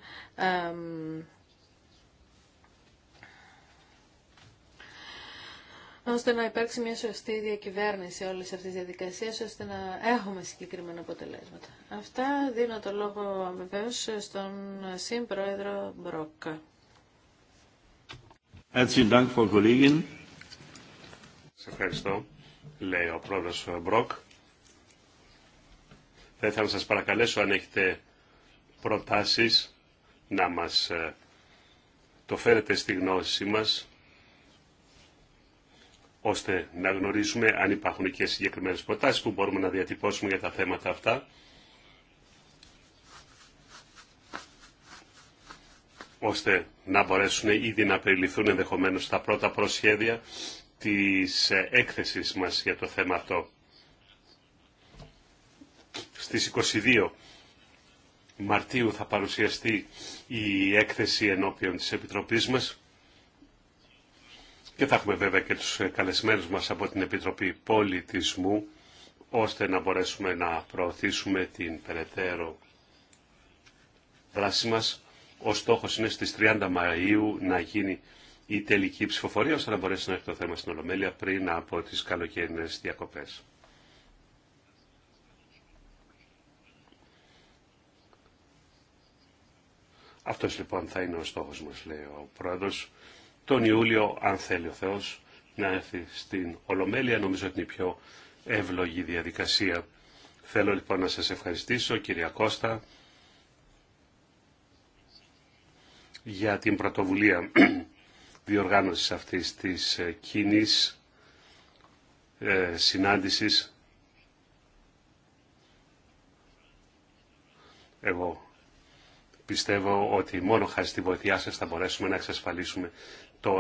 ώστε να υπάρξει μια σωστή διακυβέρνηση όλη αυτή τη διαδικασία, ώστε να έχουμε συγκεκριμένα αποτελέσματα. Αυτά δίνω το λόγο βεβαίω στον συμπρόεδρο Μπροκ. Σε ευχαριστώ, λέει ο πρόεδρο Μπροκ. Θα ήθελα να σας παρακαλέσω αν έχετε προτάσεις να μας ε, το φέρετε στη γνώση μας ώστε να γνωρίζουμε αν υπάρχουν και συγκεκριμένες προτάσεις που μπορούμε να διατυπώσουμε για τα θέματα αυτά. ώστε να μπορέσουν ήδη να περιληφθούν ενδεχομένως τα πρώτα προσχέδια της έκθεσης μας για το θέμα αυτό. Στις 22 Μαρτίου θα παρουσιαστεί η έκθεση ενώπιον της Επιτροπής μας και θα έχουμε βέβαια και τους ε, καλεσμένους μας από την Επιτροπή Πολιτισμού, ώστε να μπορέσουμε να προωθήσουμε την περαιτέρω δράση μας. Ο στόχος είναι στις 30 Μαΐου να γίνει η τελική ψηφοφορία, ώστε να μπορέσει να έρθει το θέμα στην Ολομέλεια πριν από τις καλοκαιρινές διακοπές. Αυτός λοιπόν θα είναι ο στόχος μας, λέει ο Πρόεδρος τον Ιούλιο, αν θέλει ο Θεός, να έρθει στην Ολομέλεια. Νομίζω ότι είναι η πιο εύλογη διαδικασία. Θέλω λοιπόν να σας ευχαριστήσω, κυρία Κώστα, για την πρωτοβουλία [clears throat] διοργάνωσης αυτής της ε, κοινή ε, συνάντησης. Εγώ πιστεύω ότι μόνο χάρη στη βοήθειά σας θα μπορέσουμε να εξασφαλίσουμε